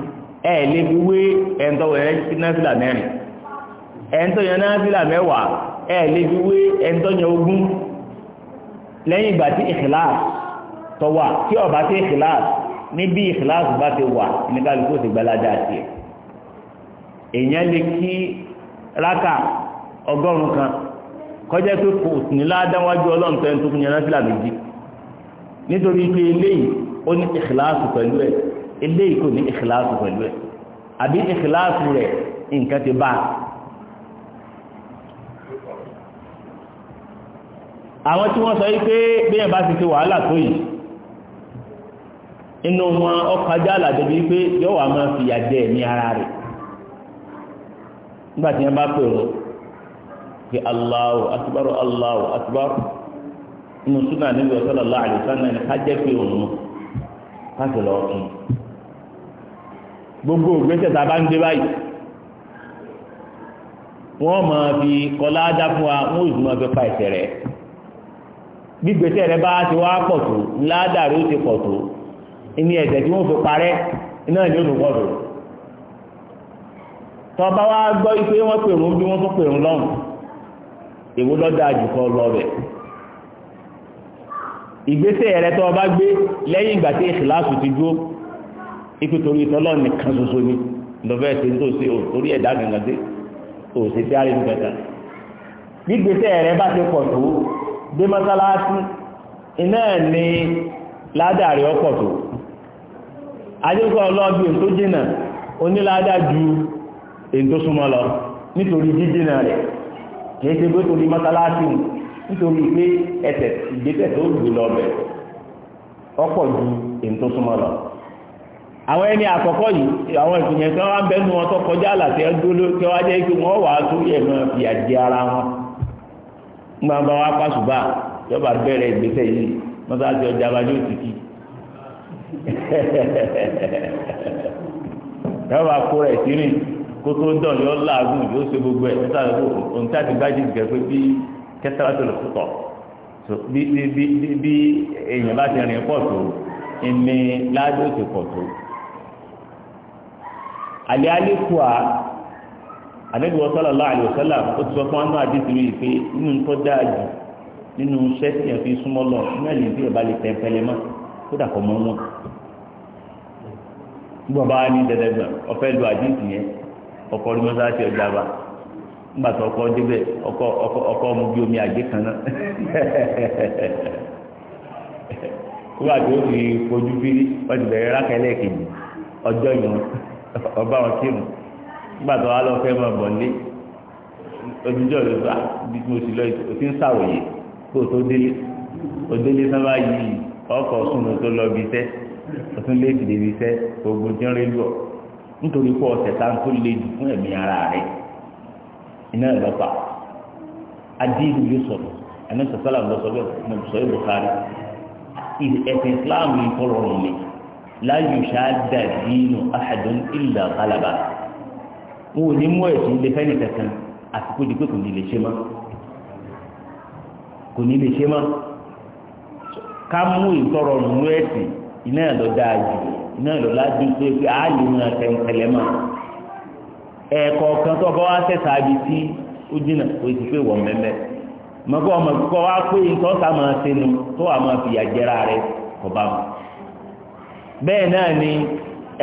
ẹ̀ lè fi wé ẹ̀ ń tọ́wọ̀ ẹ̀ náà fílà mẹ́rin ẹ̀ ń tọ́yẹn náà fílà mẹ́wàá ẹ̀ lè fi wé ẹ̀ ń tọ́yẹn ogún lẹ́yìn ìgbà tí ìkìláàsì tọ́wà tí ọ̀bá tí ìkìláàsì níbi ìkìláàsì bá ti wà ní kálukú ti gbalaja tiẹ̀ èèyàn lè kí rákà ọgọ́rùn kan kọjá pé kò ní ládáwájú ọlọ́run tó ń tó fún yẹn lọ́sílà méjì nítorí pé eléyìí ó ní ìkìláàsì pẹ̀lú ẹ̀ eléyìí kò ní ìkìláàsì pẹ̀lú ẹ̀ àbí ìkìláàsì rẹ̀ nǹkan ti bá àwọn tí wọ́n sọ yìí pé bí ẹ̀ bá ti ti wàhálà tó yìí inú wọn ọkọjá àlàjẹ́ bíi pé yóò wá máa fìyà jẹ ara rẹ̀ nígbà tí wọ́n bá pèrò pé Allahu akbar Allahu akbar inú súnà níbi ọ̀sán lọ́la àlùfáàná pé òun káṣí gbogbo ògbésẹ̀ tá a bá ń gbé báyìí máa fi kọlá dá fún wa ò sì máa ti wá ìní ẹ̀jẹ̀ tí wọ́n fi parẹ́ iná ìlú olùwọ́dọ̀ tọba wa gbọ́ ipe wọ́n pè rún bí wọ́n tún pè rún lọ́hùn èwo lọ́dọ̀ àjùkọ lọ bẹ̀ ìgbésẹ̀ rẹ tọba gbé lẹ́yìn ìgbà tí ìṣìláàsù ti dúró ipe torí ìtọ́lọ́ nìkan ṣoṣo ni lọ́fẹ́ ṣe tó ṣe ò torí ẹ̀dá gangan dé ò ṣe tí a rí nǹkan kan gbígbésẹ̀ rẹ bá ti pọ̀ tó dé mọ́sálásí iná ẹ̀ ní ládàrí ọ̀pọ̀ tó àdéhùn ọlọ́ọ̀bí èyí tó jìnà onílàádá ju èyí tó súnmọ́ lọ nítorí jíjìnà rẹ̀ kìí ṣe pé torí mọ́sálásí nítorí pé ẹsẹ̀ ìgbésẹ̀ tó gbé lọ bẹ̀ ọ̀pọ̀ ju èyí tó súnmọ́ lọ àwọn ẹni àkọ́kọ́ yìí àwọn ìpìyàn tí wọ́n wá ń bẹ́nu wọn tó kọjá àlàtí ẹdúró tí wọ́n jẹ́ kí wọ́n wà á sórí ẹ̀mọ́ ìyà di ara wọn nígbà wọn bá wá pàṣùbà yọba bẹ̀rẹ̀ ìgbésẹ̀ yìí mọ́sáàtì ọjà abájọ́ òtítì yọba kó rẹ̀ sírìn kó tó dán yọ láàgùn yóò ṣe gbogbo ẹ̀ níta òǹtá ti gbájú gẹ̀ pé bí kẹtàlá tó lè pọ̀ bí bí bí èèyàn bá ti rìn pọ̀ tó ìmì ládé ó ti pọ̀ tó. àlẹ́ alẹ́ kù á àdébí wọ́n sọ́lá láàrin òṣèlá ó ti sọ fún wọn náà àdìsí rí i pé inú tó dáa jù nínú iṣẹ́ tí yẹn fi súnmọ́ lọ nínú ẹ̀yìn tí yẹn bá lè kódà kọ́ mọ́ wọn nígbà bá ní dẹ́dẹ́gbọ̀n ọ̀fẹ́ lu àdínkù yẹn ọkọ̀ ọdún mọ́sáàsì ọjà bá nígbà ọkọ̀ débẹ̀ ọkọ̀ ọmọ omi àgbé kan náà kódà tó fi fojú fírí wọ́n ti bẹ̀rẹ̀ rákẹ́lẹ́ kejì ọjọ́ yìí ọba wọn kírun nígbà tó wà lọ fẹ́ mọ̀ bọ̀ lé ojújọ́ rẹ̀ ah, bá bí mo sì lọ òsín sàròyé kó o tó délé o délé sábà yìí ọkọ̀ súnmọ́ tó lọ bí iṣẹ́ ọtún lé ìdìdè bí iṣẹ́ ogun tí ń rí lù ọ́ nítorí pé ọ̀sẹ̀ tá ń tó le jù fún ẹ̀mí ara rẹ̀ iná ìlọ́pàá adíìlú yóò sọ̀rọ̀ ẹ̀mí sọ̀sọ́là ń lọ sọ bẹ́ẹ̀ mo sọ yóò Bukhari ẹ̀sìn Islam yìí kọ́ rọrùn mi láyò ṣáàdà dínú ahadun illa ghalaba wọn ò ní mú ẹ̀sìn ilé fẹ́ni kankan àti kó di pé kò ní lè ṣe mọ́. ká mú ìtọ̀rọ̀ ina ẹ̀sìn iná ẹ̀ lọ dáa jù iná ẹ̀ lọ lájú pé pé á lè mú ti pé pe mẹ́mẹ́ mọ̀kọ́ ọmọ kíkọ́ wá pé ìtọ́sà máa sẹnu tó wà ni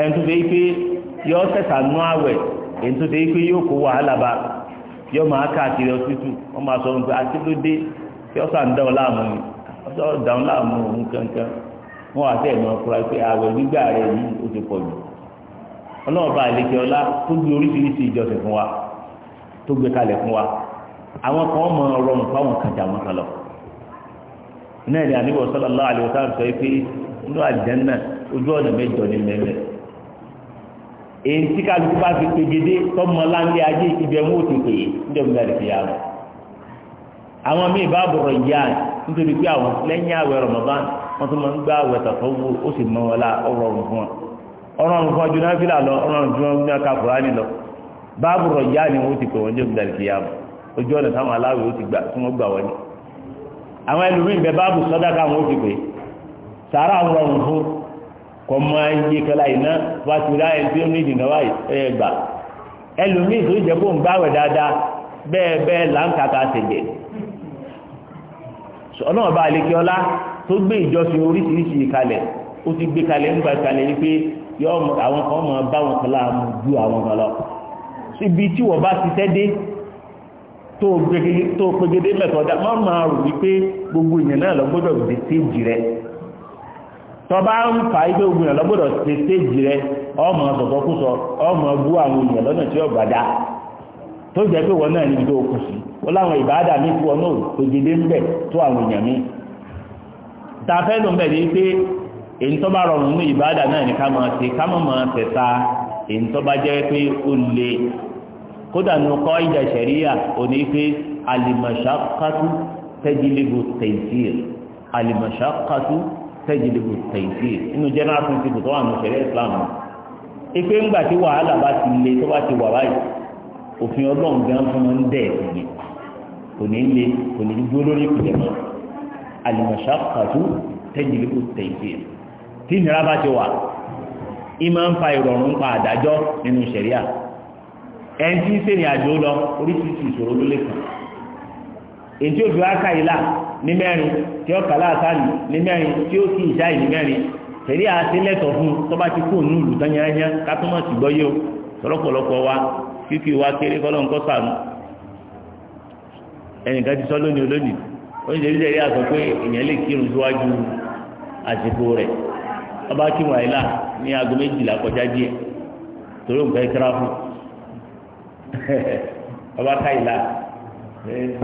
ẹni tó fẹ́ pé yọ sẹ̀sà nú àwẹ̀ èyí tó fẹ́ pé sọ wọn pé àti ló dé yọ ọjọ́ dáhùn láàmú òun kankan wọn àti ẹ̀mọ́ ọkùnrin pé ààwẹ̀ gbígbà rẹ̀ yìí ó ti pọ̀ jù ọlọ́ọ̀bá àlejò ọlá tó gbé oríṣiríṣi ìjọsìn fún wa tó gbé kalẹ̀ fún wa àwọn kan mọ rọrùn fáwọn kan jà wọn kan lọ náà ni àníwọ̀ sallallahu alaihi wasallam sọ pé inú àjẹ́nà ojú ọ̀nà mẹ́jọ ní mẹ́mẹ́ èyí tí kálukú bá fi pegedé tọ́mọ láńlé ajé ìbẹ̀wò òtún pè é níjọba ìgbà ìfìyà rẹ̀ àwọn míì bá bọ̀rọ̀ ìyá nítorí pé àwọn lẹ́yìn àwẹ̀ Ramadan wọ́n máa ń gbá àwẹ̀ tàfọ́ wo ó sì wọn la fún wọn ọ̀rọ̀ fún wọn ju náfìlà lọ ọ̀rọ̀ fún wọn ju náà kàkùránì lọ báàbù rọ̀jà ni wọ́n ti pè wọ́n jẹ́ gbàdì kìyàmù ojú ọ̀nà táwọn aláwẹ̀ ó ti gbà tí wọ́n gbà àwọn bẹ báàbù sọ́dá káwọn ó ti pè sàárà ọlọ́run bá àlekè ọlá tó gbé ìjọsìn oríṣiríṣi ìkalẹ̀ ó ti gbé kalẹ̀ nígbà ìkalẹ̀ yìí pé yọ àwọn kan máa bá wọn kan láàmú ju àwọn kan lọ síbi tí wọ́n bá ti tẹ́dé tó pegede mẹ́tọ́dá má máa rò wípé gbogbo èèyàn náà lọ gbọ́dọ̀ dé séèjì rẹ tọba ń fa igbó gbìyànjú lọ gbọ́dọ̀ dé séèjì rẹ ọmọ sọ̀tọ̀ kú sọ ọmọ bú àwọn èèyàn lọ́nà tí ọ̀gbàdá tó jẹ́ pé wọn náà níbi tó kù sí wọn láwọn ìbáàdà mi fún ọ náà òjèdè ń bẹ̀ tó àwọn èèyàn mi ta fẹ́ ló ń bẹ̀ ní pé èyí tó bá rọrùn ní ìbáàdà náà ní ká máa ṣe ká mọ̀ máa tẹ̀ta èyí tó bá jẹ́ pé ó le kódà nù kọ́ ìjà ṣẹ̀ríyà ò ní pé alìmọ̀ṣákátú tẹ́jìlébù tẹ̀síìr alìmọ̀ṣákátú tẹ́jìlébù tẹ̀síìr general principle tó wà nù ṣẹ̀ríyà Islam ìpé ńgbà tí wàhálà bá ti le tó bá ti òfin ọlọ́run gan fún wọn ń dẹ̀ ẹ̀sìn kò ní le kò ní dúró lórí ìpìlẹ̀ mọ́ àlùmọ̀ṣá kàtó tẹ́jìlì tí ìnira ti wà ń fa ìrọ̀rùn pa àdájọ́ nínú ṣẹ̀ríà ẹni tí ń sèrìn àjò lọ oríṣiríṣi ìṣòro ló lè kàn èyí tí ó fi wá ká ìlà ní mẹ́rin tí ó kà ní mẹ́rin tí ó kí mẹ́rin fún bá wa kíkì wá kéré kọ́lọ́n kọ́ sànù ẹnìkan ti sọ lónìí olónìí oúnjẹ bí sẹ́yìn àsọ pé èèyàn lè kírun síwájú àsìkò rẹ̀ ọba kí wọ́n àyílà ní aago méjìlá kọjá díẹ̀ torí nǹkan ìtura fún ọba ká ìlà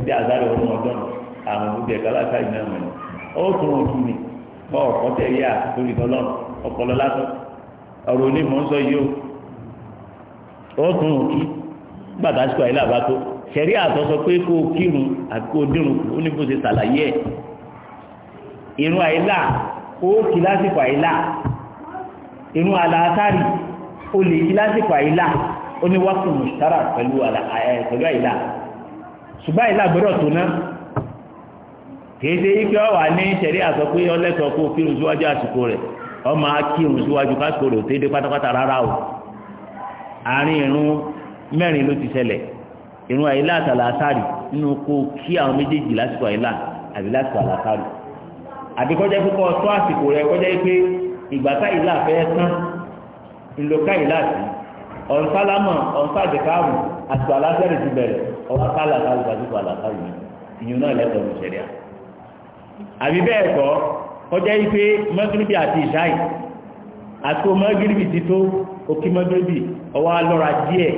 bí àzáre ọdún ọdún àwọn olùdíje ká ìlà ó tún ọpọlọ yìí o. ọ̀tún òkì gbàtà sùkọ̀ ayé tó sẹ̀rí àtọ́sọ pé kó o kírun àti kó o dírun ó ní bó ṣe ṣàlàyé ẹ̀ irun ó lásìkò irun ó lè kí lásìkò àyílà ó ní wákùn mùsítárà pẹ̀lú àyílà ṣùgbọ́n gbọ́dọ̀ tó ná kéde ike ọwà ní sẹ̀rí àtọ́ pé ọlẹ́tọ̀ọ́ kó o kírun síwájú àsìkò rẹ̀ síwájú kásìkò àárín irun mẹ́rin ló ti ṣẹlẹ̀ irun àyílá àtàlàsárì nínú kó kí àwọn méjèèjì lásìkò àyílá àbí lásìkò àlàsárì àbí kọjá púpọ̀ tó àsìkò rẹ kọjá pé ìgbà káyìlá fẹ́ tán ńlọ káyìlá sí ọ̀nsálámọ̀ ọ̀nsáàdìkáàmù àti àlásárì ti bẹ̀rẹ̀ ọwọ́ kálà kálù pàṣípò àlàsárì ìyẹn náà lẹ́tọ̀ọ́ ló ṣẹlẹ̀ àbí bẹ́ẹ̀ kọ́ kọjá pé mọ́gíríbì àti ìṣáì àti mọ́gíríbì ti òkè mọ́gíríbì ọwọ́ alọ́ra díẹ̀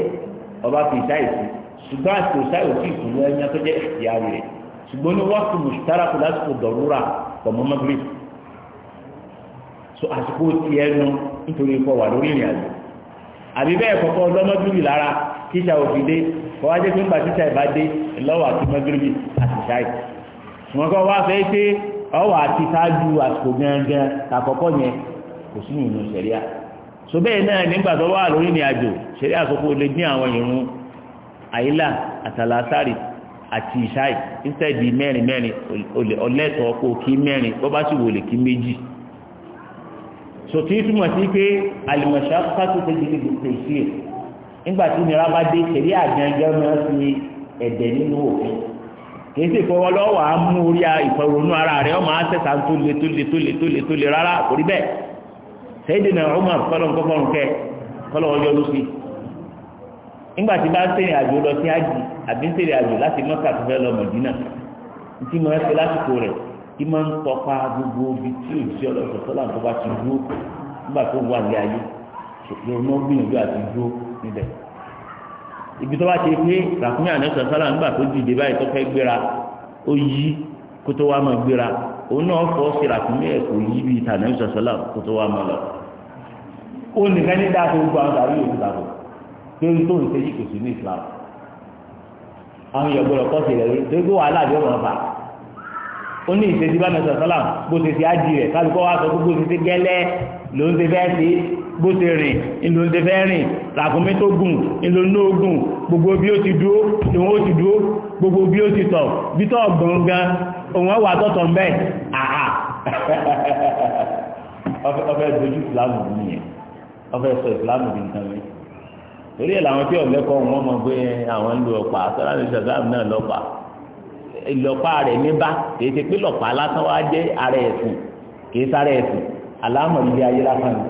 ọba fi ìsáyèsí ṣùgbọ́n àti òsáyè òsì ìkùnlẹ̀ ẹ̀yàn tó jẹ́ ìyàwó rẹ̀ ṣùgbọ́n ní wọ́n kùnú tààràkù lásìkò dọ̀rúra pọ̀mọ́ mọ́gírì so àsìkò ti ẹnu nítorí ikọ̀ wà lórí ìrìn àjò àbí bẹ́ẹ̀ kọ́kọ́ lọ́mọ́gírì lára kíṣà òfìdé kọ́wá jẹ́ pé ń gba tíṣà ìbádé lọ́wọ́ àti mọ́gírì àti ṣáì ṣùgbọ́n kọ́ wá fẹ́ so bẹ́ẹ̀ náà nígbà tó wà lórí ìrìn àjò ṣeré àkókò lè dín àwọn ìrun àyílà àtàlásárì àti ìṣáì instead mẹ́rin mẹ́rin ọlẹ́tọ̀ ọkọ̀ kí mẹ́rin bọ́ bá sì wò kí méjì so tí í túmọ̀ sí pé àlùmọ̀ṣá pàtó tẹ́jú ní gbèsè sí ẹ̀ nígbà tí nira bá dé ṣeré àgbẹ̀ngẹ́ máa fi ẹ̀dẹ̀ nínú òfin kì í sì fọwọ́ lọ́wọ́ à orí ìfọ̀rọ̀nù Sayyidina na fọlọ́n kọ́kọ́rùn kẹ́ fọlọ́n ọjọ́ ló sí nígbà bá ń sèrìn àjò lọ sí àjì àbí ń sèrìn àjò láti mọ́ta tó lọ Mọ̀dínà tí mo ẹ́ lásìkò rẹ̀ kí máa ń tọpa gbogbo ibi tí òjì ọlọ́sọ̀ sọ́là tó bá ti dúró nígbà tó wà ní ayé ibi tó bá ti pé ràkúnyà nígbà tó dìde báyìí tó fẹ́ gbéra ó yí kó òun náà fọ́ síra fún mi ẹ̀kọ́ yìí bíi tànà ìṣọ̀ṣọ́lá kó tó wá mọ́ lọ. ó nìkan ní dáa tó gbọ́ àwọn dàrú yòókù dàbò pé n tó ń ṣe yìí kò sí ní Islam. àwọn èèyàn gbọ́dọ̀ kọ́ sí ìrẹ̀lẹ́ tó gbé wàhálà bí wọ́n fà. ó ní ìṣèjì bá nàìjíríà sọ́lá bó ṣe ṣe ájì rẹ̀ kálukọ́ wa sọ pé ṣe ṣe gẹ́lẹ́ ló ń ṣe fẹ́ ṣe bó ṣe rìn ìlú ń ṣe fẹ́ rìn làkúnmí tó gùn ìlú náà gùn gbogbo bí ó ti dúó ìwọ̀n ó ti dúó gbogbo bí ó ti tọ̀ bí tọ̀ gbọ̀ngàn òun wà tọ́tọ̀ mbẹ́ àhà ọfẹ́ dojú ìsìlámù nìyẹn ọfẹ́ sọ ìsìlámù bí nǹkan mi torí ẹ̀ làwọn tí ọ̀lẹ́kọ̀ wọn mọ̀ pé àwọn ń lo ọ̀pá sọ́dọ̀ ní ìsìlámù náà lọ́pàá ìlọ́pàá rẹ̀ níbà kìí ṣe pé lọ́pàá lásán wá jẹ́ ara ẹ̀sìn kìí sáré ẹ̀sìn aláàmọ̀ ilé ayé lásán ni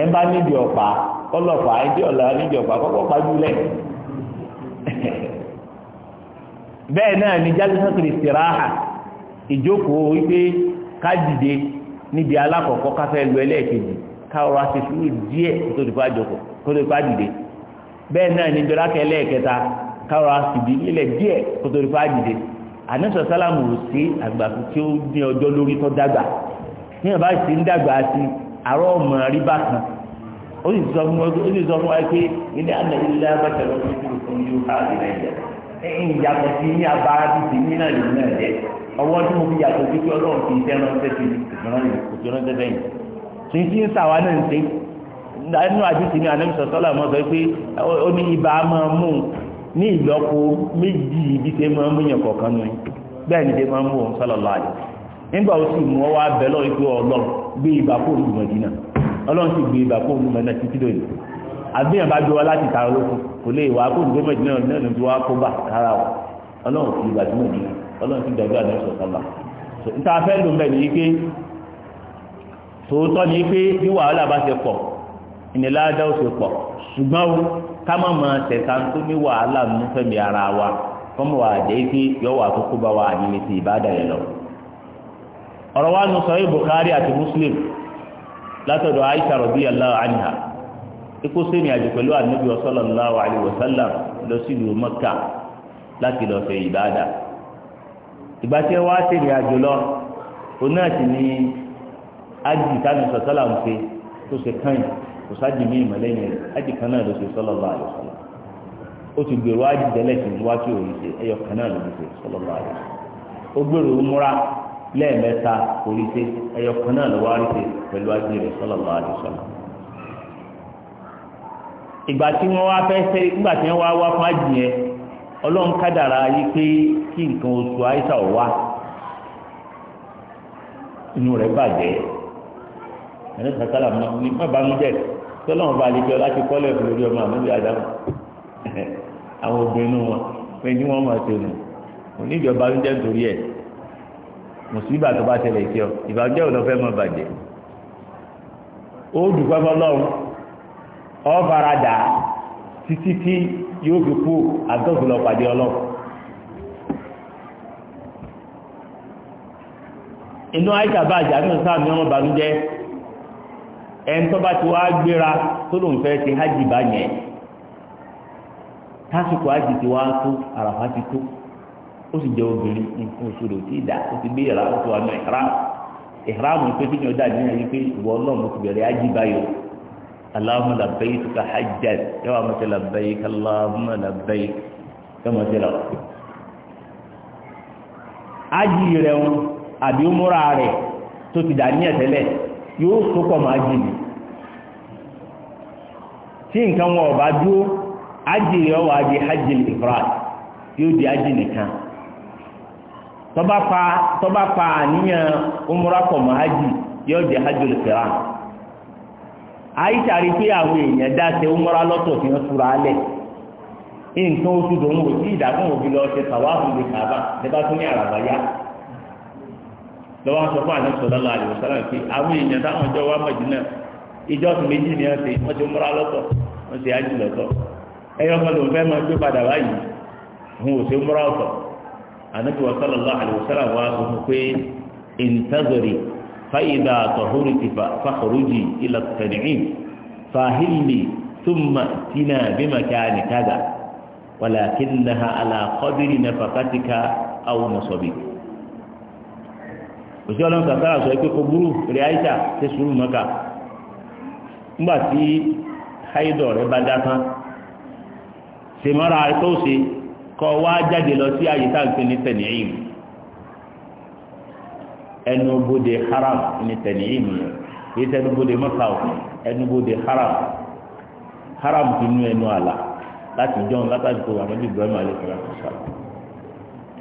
ẹ̀ ń bá níbi ọ̀pá kọ́lọ̀pàá ẹ̀ ń bí níbi ọ̀pá kọ́kọ́ lẹ̀ bẹ́ẹ̀ náà ni ìjókòó wípé ká dìde níbi alákọ̀ọ́kọ́ ká fẹ́ lu ẹlẹ́ẹ̀kejì ká ọ̀rọ̀ àti sùúrù díẹ̀ tó ti fa jòkó tó ti fa dìde bẹ́ẹ̀ náà ní jọra kẹ lẹ́ẹ̀kẹta ká ọ̀rọ̀ àti nílẹ̀ díẹ̀ tó ti fa dìde àníṣọ sálámù ò sí àgbà tí ó ní ọjọ́ lórí tó dàgbà ní dàgbà ọmọ ó sì sọ fún ó sì sọ fún wa pé ilé àná ilé fún yóò ká ọwọ́ tí mo fi yàtọ̀ sí pé ọlọ́run fi iṣẹ́ ránṣẹ́ sí òjò ránṣẹ́ sẹ́yìn tí n fi ń sàwa náà ń ṣe nínú àdìsí ni àná sọ sọ́lá mọ́ sọ pé ó ní ibà máa mú ní ìlọ́po méjì ibi tẹ́ máa mú yàn kọ̀ọ̀kan nù bẹ́ẹ̀ ni tẹ́ máa mú òun sọ́lọ́ láàyè nígbà ó sì mú ọ wá bẹ́ lọ́ọ́ pé ọlọ́run gbé ibà kó olùmọ̀dínà ọlọ́run sì gbé ibà kó olùmọ̀dínà títí lónìí àgbéyàn bá gbé wa láti ta olókun kò lè wá kó olùgbé mọ̀dínà náà ló wá kó bà rárá o ọlọ́run sì ibà tó mọ̀dínà ọlọ́run ti dọ̀gbà ní ìṣọ̀kọ́lá níta fẹ́ lò mẹ́ ní pé tòótọ́ ní pé bí wàhálà bá ṣe pọ̀ ìnìláàdá ó ṣe pọ̀ ṣùgbọ́n o ká má máa tẹ̀ka tó ní wàhálà nínú fẹ́mi ara wa kọ́mọ wà jẹ́ pé yọ wà tó kó bá wa àyè ti ìbáàdà yẹn lọ. ọ̀rọ̀ wa nù sọ́yìn Bukhari àti Muslim látọ̀dọ̀ Aisha radiyallahu anha ikú sẹ́ni àjò pẹ̀lú ànábì sallallahu alaihi lọ sí ìlú Mẹ́kà láti lọ fẹ́ ìbáàdà. ìgbà tí wọ́n á àjò lọ òun náà sì ní ájì ìtàní sọ̀tọ́là ń pe tó ṣe kàn kò sáàjì mí ìmọ̀lẹ́ yẹn ájì kan náà ló ṣe bá ti gbèrò ájì tẹ́lẹ̀ sí wá tí òun ṣe ẹyọ kan náà ló ṣe bá ó gbèrò múra lẹ́ẹ̀mẹ́ta ẹyọ kan náà ló wá rí ṣe pẹ̀lú ájì bá ìgbà yẹn ọlọ́run kádàrá yí pé kí nǹkan oṣù àìsà ò wá inú rẹ̀ bàjẹ́ ẹni sàkálà ní mábàámújẹ́ tọ́lọ́run bá lè jọ láti kọ́lẹ̀ lórí ọmọ àmúbi àdámù àwọn obìnrin wọn pé ní wọ́n máa ṣe nù oníjọba ń jẹ́ nítorí ẹ̀ mùsùlùmí àti ọba tẹ̀lé ìṣe ọ ìbàjẹ́ òun lọ fẹ́ máa bàjẹ́ ó dùn pẹ́ fọlọ́run ọ faradà títí tí yóò fi kú àtọ́sí lọ pàdé ọlọ́run inú àìsà bá àjàmí sáàmì ọmọ bànújẹ́ ẹn tó bá ti wá gbéra tó lòun fẹ́ ti hajj bá yẹn tásìkò hajj ti wá tó àràfà ti tó ó sì jẹ́ obìnrin nǹkan oṣù rẹ̀ tí ìdá ó ti gbé ìrà ó ti wà ní ìhram ìhram pé kí ni ó dà nínú ẹni pé ìwọ ọlọ́run ti bẹ̀rẹ̀ hajj báyìí اللهم لبيك حجا يا ما لبيك اللهم لبيك يا ما لبيك ají rẹ̀ wọn àbí múra rẹ̀ tó ti dà ní ẹ̀tẹ́lẹ̀ yóò sókọ̀ máa jì ní tí nǹkan wọn ọ̀bá dúó ají rẹ̀ wà di hajjil ifrat yóò di ají nìkan tọ́bá pa àníyàn umra kọ̀ máa jì yóò di hajjil ifrat àyíṣà rí pé àwọn èèyàn dáṣe ó mọ́ra lọ́tọ̀ tí wọ́n túra alẹ̀ nǹkan oṣù tó ń wò sí ìdákùn òbí lọ ṣe tàwáàfù lè kàbà lẹ́bà tó ní àràbà yá lọ́wọ́ sọ fún àdéhùn òṣèlú pé àwọn èèyàn táwọn wa Mẹdínà ìjọ tó méjì ní ọ̀sẹ̀ wọ́n ti múra lọ́tọ̀ wọ́n ti ájì lọ́tọ̀ ẹ̀yọ́ kan ló ń fẹ́ gbé padà báyìí فإذا طهرت فاخرجي إلى التنعيم فاهلي ثم اتنا بمكان كذا ولكنها على قدر نفقتك أو نصبك òṣìṣẹ́ ọlọ́run kàtàrà sọ pé kò burú rí àìsà ṣe sùúrù mọ́ka nígbà tí haidọ̀ rẹ bá dá tán ṣèmọ́ra tó ṣe kọ́ wá jáde lọ sí àyíká ìpínlẹ̀ tẹ̀lé yìí ẹnu bodè haram ní tẹ̀lẹ́yìn yẹn kìí ṣe ẹnu bodè mọ́ta o ẹnu bodè haram haram ti nú ẹnu àlà láti jọ́n látàrí kó àwọn ẹbí ibrahim alẹ́sọ̀rọ̀ àkọsọ̀rọ̀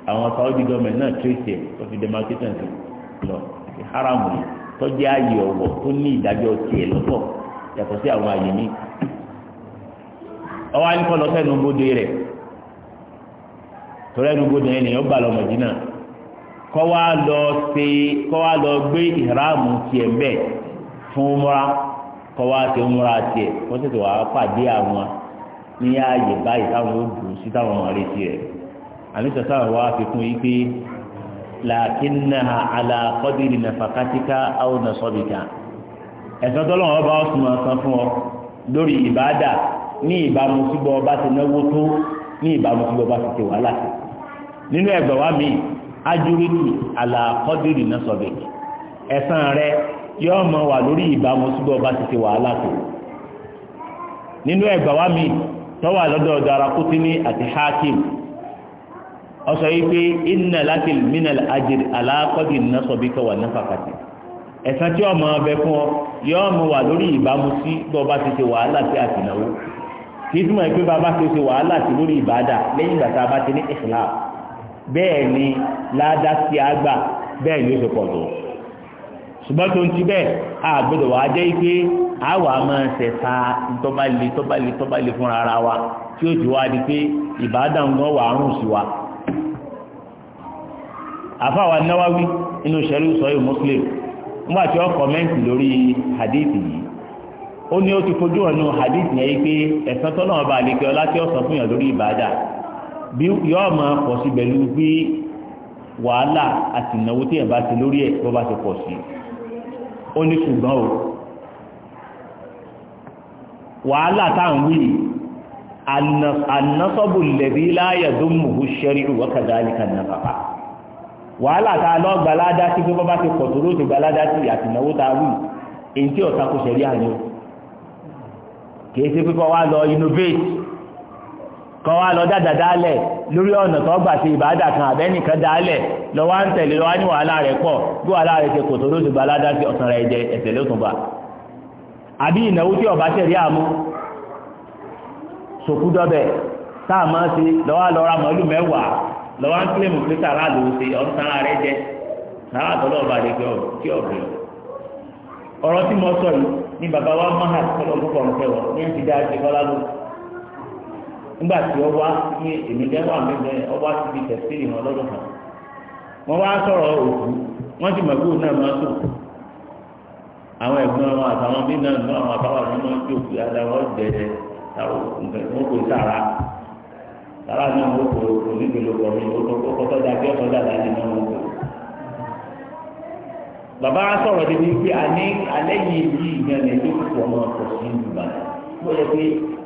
àwọn saudi gọ́ọ̀mẹ̀ntì náà tírèsì tó fi demarcation sí lọ sí haram yìí tọ́jú ààyè ọ̀wọ̀ tó ní ìdájọ́ tiẹ̀ lọ́tọ̀ yàtọ̀ sí àwọn àyè mi ọwọ́ àyíkọ́ lọ sẹ́nu bodè rẹ̀ torí ẹnu bodè yẹn lèyàn gbà lọ Mẹdínà kọ́ wá lọ ṣe kọ́ wá lọ gbé ìhàmù tiẹ̀ mbẹ́ fún múra kọ́ wá ṣe múra tiẹ̀ kó tètè wá pàdé àwọn ní ààyè báyìí táwọn ó dùn sí táwọn ọmọ rẹ̀ tiẹ̀ àníṣe sáà wá fi kún yí pé làákínnáha aláàkọ́dìrì nàfàkàtìkà àwọn nàṣọ́bìkà ẹ̀sán tọ́lọ́wọ́n ọba ọ̀sùn ọ̀sán fún ọ lórí ìbáàdà ní ìbámu síbọ̀ ọba ti náwó tó ní ìbámu síbọ̀ ọba ti ti wàhálà nínú ẹgbẹ̀ wa míì ajuriki alakọdiri nasọbi ẹ̀san rẹ̀ yóò máa wà lórí ìbámu síbò bá ti ti wàhálà tó nínú ẹgbà wa mi tọwà lọ́dọ̀ Daraqutni àti Hakim ọsọ yìí pé inna lakil minal ajiri alakọdiri nasọbi kọwà nafakati ẹ̀san tí yóò máa bẹ fún ọ yóò máa wà lórí ìbámu síbò bá ti wàhálà tí a ti kí túmọ̀ pé bàbá ti wàhálà tí lórí ìbádà lẹ́yìn ìgbà tá a bẹ́ẹ̀ ni ládá sí àgbà bẹ́ẹ̀ ni ó ṣe pọ̀ tó ṣùgbọ́n tó ń ti bẹ́ẹ̀ àgbẹ̀dọ̀ wá jẹ́ pé àwa máa ṣẹ̀ta tọ́ba le tọ́ba ara wa tí ó ti wá di pé ìbádàn gan wà rùn sí wa inú ṣẹlú muslim nígbà tí lórí hadith yìí ó ní ó ti fojú ọ̀nà hadith bí yọọ máa pọ̀ sí pẹ̀lú pé wàhálà àti ìnáwó tí ẹ̀ bá ti lórí ẹ̀ bọ́ bá ti pọ̀ sí ó ní ṣùgbọ́n o wàhálà táwọn wí ànásọ́bù lẹ̀bí láàyè tó mú u ṣẹ́rí ìwọ́ kàdáríkà náà bàbá wàhálà tá a lọ gbalada sí pé bọ́bá ti pọ̀ tó lóòtú gbalada sí àti ìnáwó tá wí èyí tí ọ̀tá kò ṣẹ̀rí àná kì ṣe pé wá lọ innovate kan wá lọ dáadáa dálẹ̀ lórí ọ̀nà tó gbà sí kan àbẹ́nìkan dálẹ̀ lọ́wọ́ à ń tẹ̀lé ní wàhálà rẹ̀ pọ̀ bí wàhálà rẹ̀ ṣe kò tó lóṣù bá ládá sí ọ̀sán rẹ̀ jẹ ẹ̀sẹ̀ bá àbí ìnáwó tí ọba ṣẹ̀rí àmú sòkúdọ́bẹ̀ táà máa ṣe ra mẹ́wàá lọ́wọ́ ń pé sàrà ló ṣe ọ̀sán rẹ̀ jẹ sàrà nígbà tí ọ wá sí èmi jẹ́ wà mẹ́jẹ ọ wá síbi tẹ̀síìrì wọn a kan wọ́n wá sọ̀rọ̀ òkú wọ́n ti Awọn náà máa tó àwọn ẹ̀gbọ́n wọn àtàwọn bí náà náà àwọn àbáwọ̀ náà tó táwọn wọn kò sára sára náà wọn kò mi náà wọn kò. bàbá pé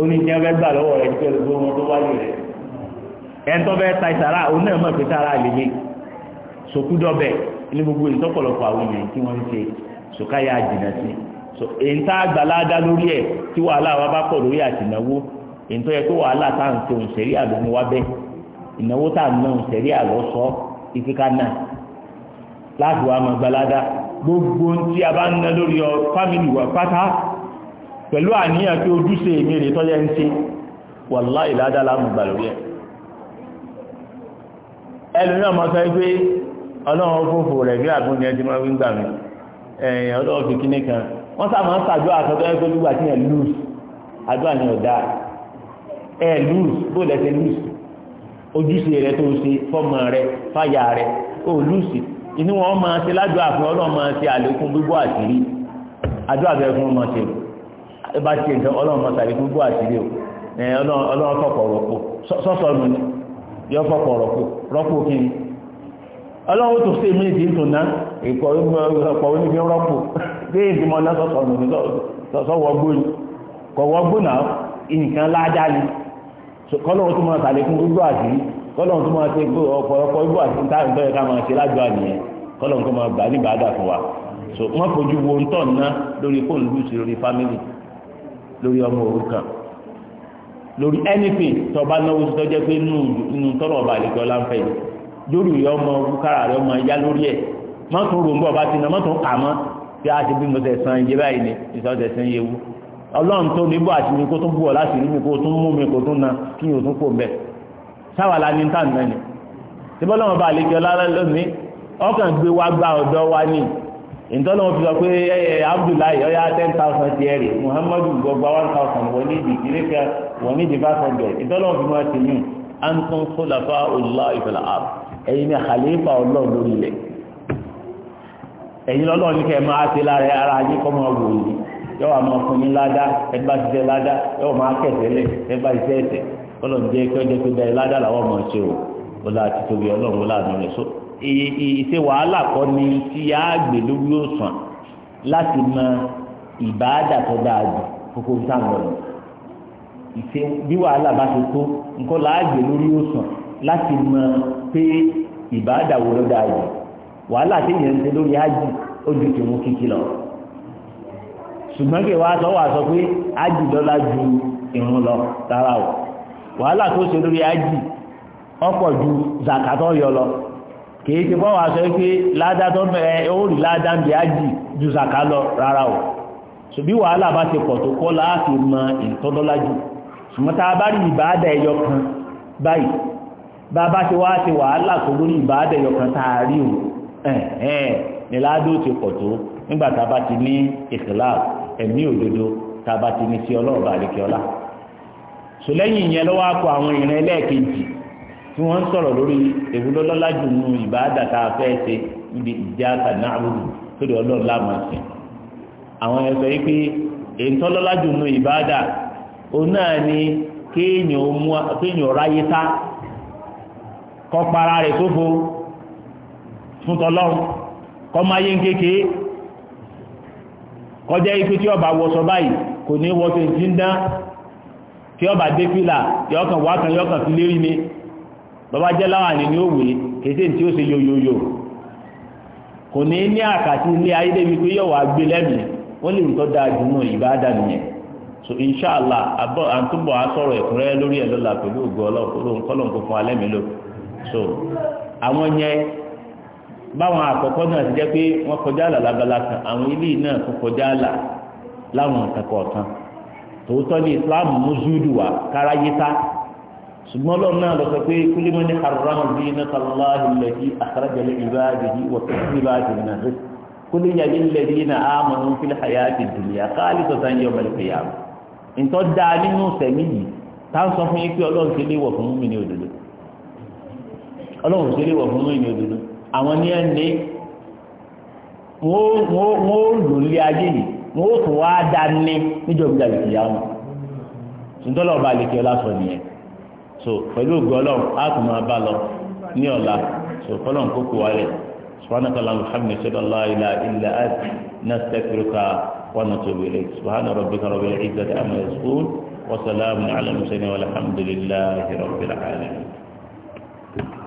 ó ní jẹ́ bẹ́ẹ̀ gbà lọ́wọ́ rẹ̀ nípa ìlú wọn tó wáyé rẹ̀ ẹni tó bẹ́ẹ̀ ta ìsàrà òun náà mọ̀ pé sára lè mí sòkúdọ́bẹ̀ ní gbogbo ìtọ́pọ̀lọpọ̀ àwọn èèyàn tí wọ́n ń ṣe sòkáyà jìnà sí èyí tá a gbà láàdá lórí ẹ̀ tí wàhálà wa bá pọ̀ lórí àtìnáwó èyí tó yẹ kó wàhálà tá à ń ṣe òǹṣẹ̀rí àlòmú wa bẹ́ẹ̀ ìnáwó tá à ń ná òǹṣẹ̀rí àlọ́ sọ ìfíkà náà láti wàá mọ̀ gbàládá gbogbo ohun tí a bá ń ná lórí ọ fámìlì wa pátá pẹ̀lú àníyàn pé ojúṣe èmi rè tọ́jẹ́ ń ṣe wàlá ìlàdá lámùgbà lórí ẹ̀ ẹlùmí ọmọ sọ pé ọlọ́run fòfò rẹ̀ bí àgún ni ẹdí máa ń gbà mí ẹ̀yìn ọlọ́run fi kíní kan wọ́n sàmọ́ ń sàjọ́ àtọ́jọ́ ẹgbẹ́ nígbà tí yẹn lùs àdúrà ni ọ̀dà ẹ̀ lùs bó lẹ́sẹ̀ lùs ojúṣe rẹ̀ tó ṣe fọ́mọ rẹ̀ fáyà rẹ̀ ó lùs inú wọn máa ṣe ládùúgbò àfihàn ọlọ́run máa ṣe àlékún bíbọ́ àṣírí àdúrà bẹ́ẹ̀ fún ọmọ ṣe ẹ bá ṣe nǹkan ọlọ́run máa tàbí gbogbo àṣírí o ọlọ́run fọ̀pọ̀ rọ̀pò sọ́sọ́ nù ni yọ fọ̀pọ̀ rọ̀pò rọ́pò kí ni ọlọ́run tó ṣe mí ti ń tò ná ìkọ̀ ọ̀pọ̀ oníbi rọ́pò bí ìgbìmọ̀ náà sọ́sọ́ nù ni sọ́wọ́ gbóni kọ̀wọ́ gbóná nǹkan ládá ni kọ́lọ́run tó máa tàbí gbogbo àṣírí kọ́lọ́run tó máa ṣe ọ̀pọ̀lọpọ̀ gbogbo àṣírí táwọn ìtọ́jú ká máa ṣe lájọ àníyẹn kọ́lọ́run tó máa gbà níbàdà fún wa so wọ́n fojú wo ń tọ̀ ná lórí fóònù lùsì lórí fámìlì lórí ọmọ òrukàn lórí anything tó bá náwó tó jẹ́ pé inú tọ́lọ̀ ọba àlejò láǹfẹ̀ yìí lórí ìyá ọmọ òrukàrà rẹ ọmọ ẹ̀yá lórí ẹ̀ mọ́tò ròǹbọ̀ bá ti nà mọ́tò kà mọ́ bí a ti bí mo tẹ̀ san iye báyìí ni ìsọ̀tẹ̀ san iye wú ọlọ́run tó ní bọ́ àti mi kó tún bú ọ láti rí kó tún mú mi kó tún na kí n ò tún kó mbẹ sáwà la ní tàn náà ni síbọ́lọ́mọba àlejò ọlá lónìí ọkàn gbé wá gbá ọ̀dọ́ wa ní ìtọ́lọ́wọ́ fi sọ pé ẹ Abdullahi ọ̀yá ten thousand ti ẹ̀rì Muhammadu gbọgba one thousand wọ́n ní ìdí ìdílé kan wọ́n ní ìdí five hundred ìtọ́lọ́wọ́ fi máa ti mú anton kólàfà olùlá ìfẹ̀lẹ̀ àb ẹ̀yin ní khalifa ọlọ́run lórí ilẹ̀ ẹ̀yin lọ́lọ́run ní kẹ́ ẹ máa ti lára ara yín kọ́ máa wò yìí yọ̀wọ̀ àmọ́ fún yín ládá ẹgbà ṣiṣẹ́ ládá yọ̀wọ̀ máa kẹ̀sẹ̀lẹ̀ ẹgbà ṣiṣẹ́ ẹ̀sẹ̀ ọlọ́run jẹ́ kí ọjọ́ tó dá ẹ ládá làwọn ọmọ ṣe o ọlá àti tóbi ọlọ́run ọlá àdúrà ìṣe wàhálà kọ́ ni tí a gbè lórí òsàn láti mọ ìbáàdà tó dáa jù kókó ń sàn lọ́nà ìṣe bí wàhálà bá ti tó nǹkan là á gbè lórí òsàn láti mọ pé ìbáàdà wo ló dáa jù wàhálà tí yẹn ń ṣe lórí ájì ó ju tòun kíkì lọ ṣùgbọ́n kí wàá sọ wàá sọ pé ájì lọ́la ju ìrun lọ rárá o wàhálà tó ṣe lórí ájì ọ̀pọ̀ ju zakatọ́ yọ lọ. kìí ti bọ́wọ́ ike pé ládá tó ẹ ó rí ládá ń bí ju lọ rárá o ṣùbí wàhálà bá ti pọ̀ tó kọ́ láàfin mọ ìtọ́lọ́lájú ṣùgbọ́n bá rí ìbáàdà ẹyọ báyìí bá bá ti wá wàhálà tó lórí ìbáàdà ẹyọ kan tá a rí o ni ládó ti pọ̀ tó nígbà tá a bá ti ní ìkìlá ẹ̀mí òdodo tí wọ́n ń sọ̀rọ̀ lórí èwúlọ́ jù nù ìbáàdà tá a fẹ́ ṣe ibi ìjà kàná àbúrò ọlọ́run láàmú àwọn ẹ̀sọ́ yìí pé èntọ́ lọ́lá jù nù ìbáàdà òun náà ni kéèyàn ráyé kọjá ikú tí ọba wọṣọ báyìí kò ní wọṣọ tí ọba dé fìlà yọkàn wákàn yọkàn bàbá jẹ́ láwọn àní ní òwe kéṣe tí ó ṣe yoyoyo kò ní ní àkàtì ilé ayé débi pé yóò wá gbé lẹ́mìí wọ́n lè tọ́ da jùmọ̀ ìbáàdà nìyẹn so inshallah àbọ̀ àtúbọ̀ asọ̀rọ̀ ẹ̀kúnrẹ́ lórí ẹ̀ lọ́la pẹ̀lú ògùn ọlọ́run kọ́lọ́n kó fún alẹ́ mi lò so àwọn yẹn báwọn àkọ́kọ́ náà ti jẹ́ pé wọ́n kọjá àlà lábala kan àwọn ilé náà tó kọjá àlà láwọn nǹkan kọ̀ọ̀kan tòótọ́ ní Islam mú zúdù káráyé sá ṣùgbọ́n ọlọ́run náà lọ sọ pé kúlé mọ́ ní haram bí iná sàlọ́láhi lẹ́yìn àkàràjẹ̀lẹ̀ ìbáàdìyí wọ̀tí ìbáàdìyí náà rẹ̀ kúlé yàgbé lẹ́yìn náà àmọ́ ń fi àyà ti dùnìyà káàlì sọ sáyẹn ọmọ ìfẹ́ yà mọ́. ìtọ́ da nínú sẹ̀mí yìí tá ń sọ fún yín pé ọlọ́run ṣe léwọ̀ fún mi ní òdodo ọlọ́run ṣe léwọ̀ fún mi ní òdodo àwọn ní ẹni wọ́n ó lò lé ayé yìí wọ́n ó tún wá dání níjọba ìgbà ìfìyà wọn ṣùgbọ́n ọlọ́run bá lè kí ọlá sọ nìyẹn so pẹ̀lú ògùn ọlọ́run á tún máa bá lọ ní ọ̀la so kọ́lọ́n kó kó wálẹ̀ subhanaka allahumma hamdika shada allah ila illa ant nastaghfiruka wa natubu ilayk subhana rabbika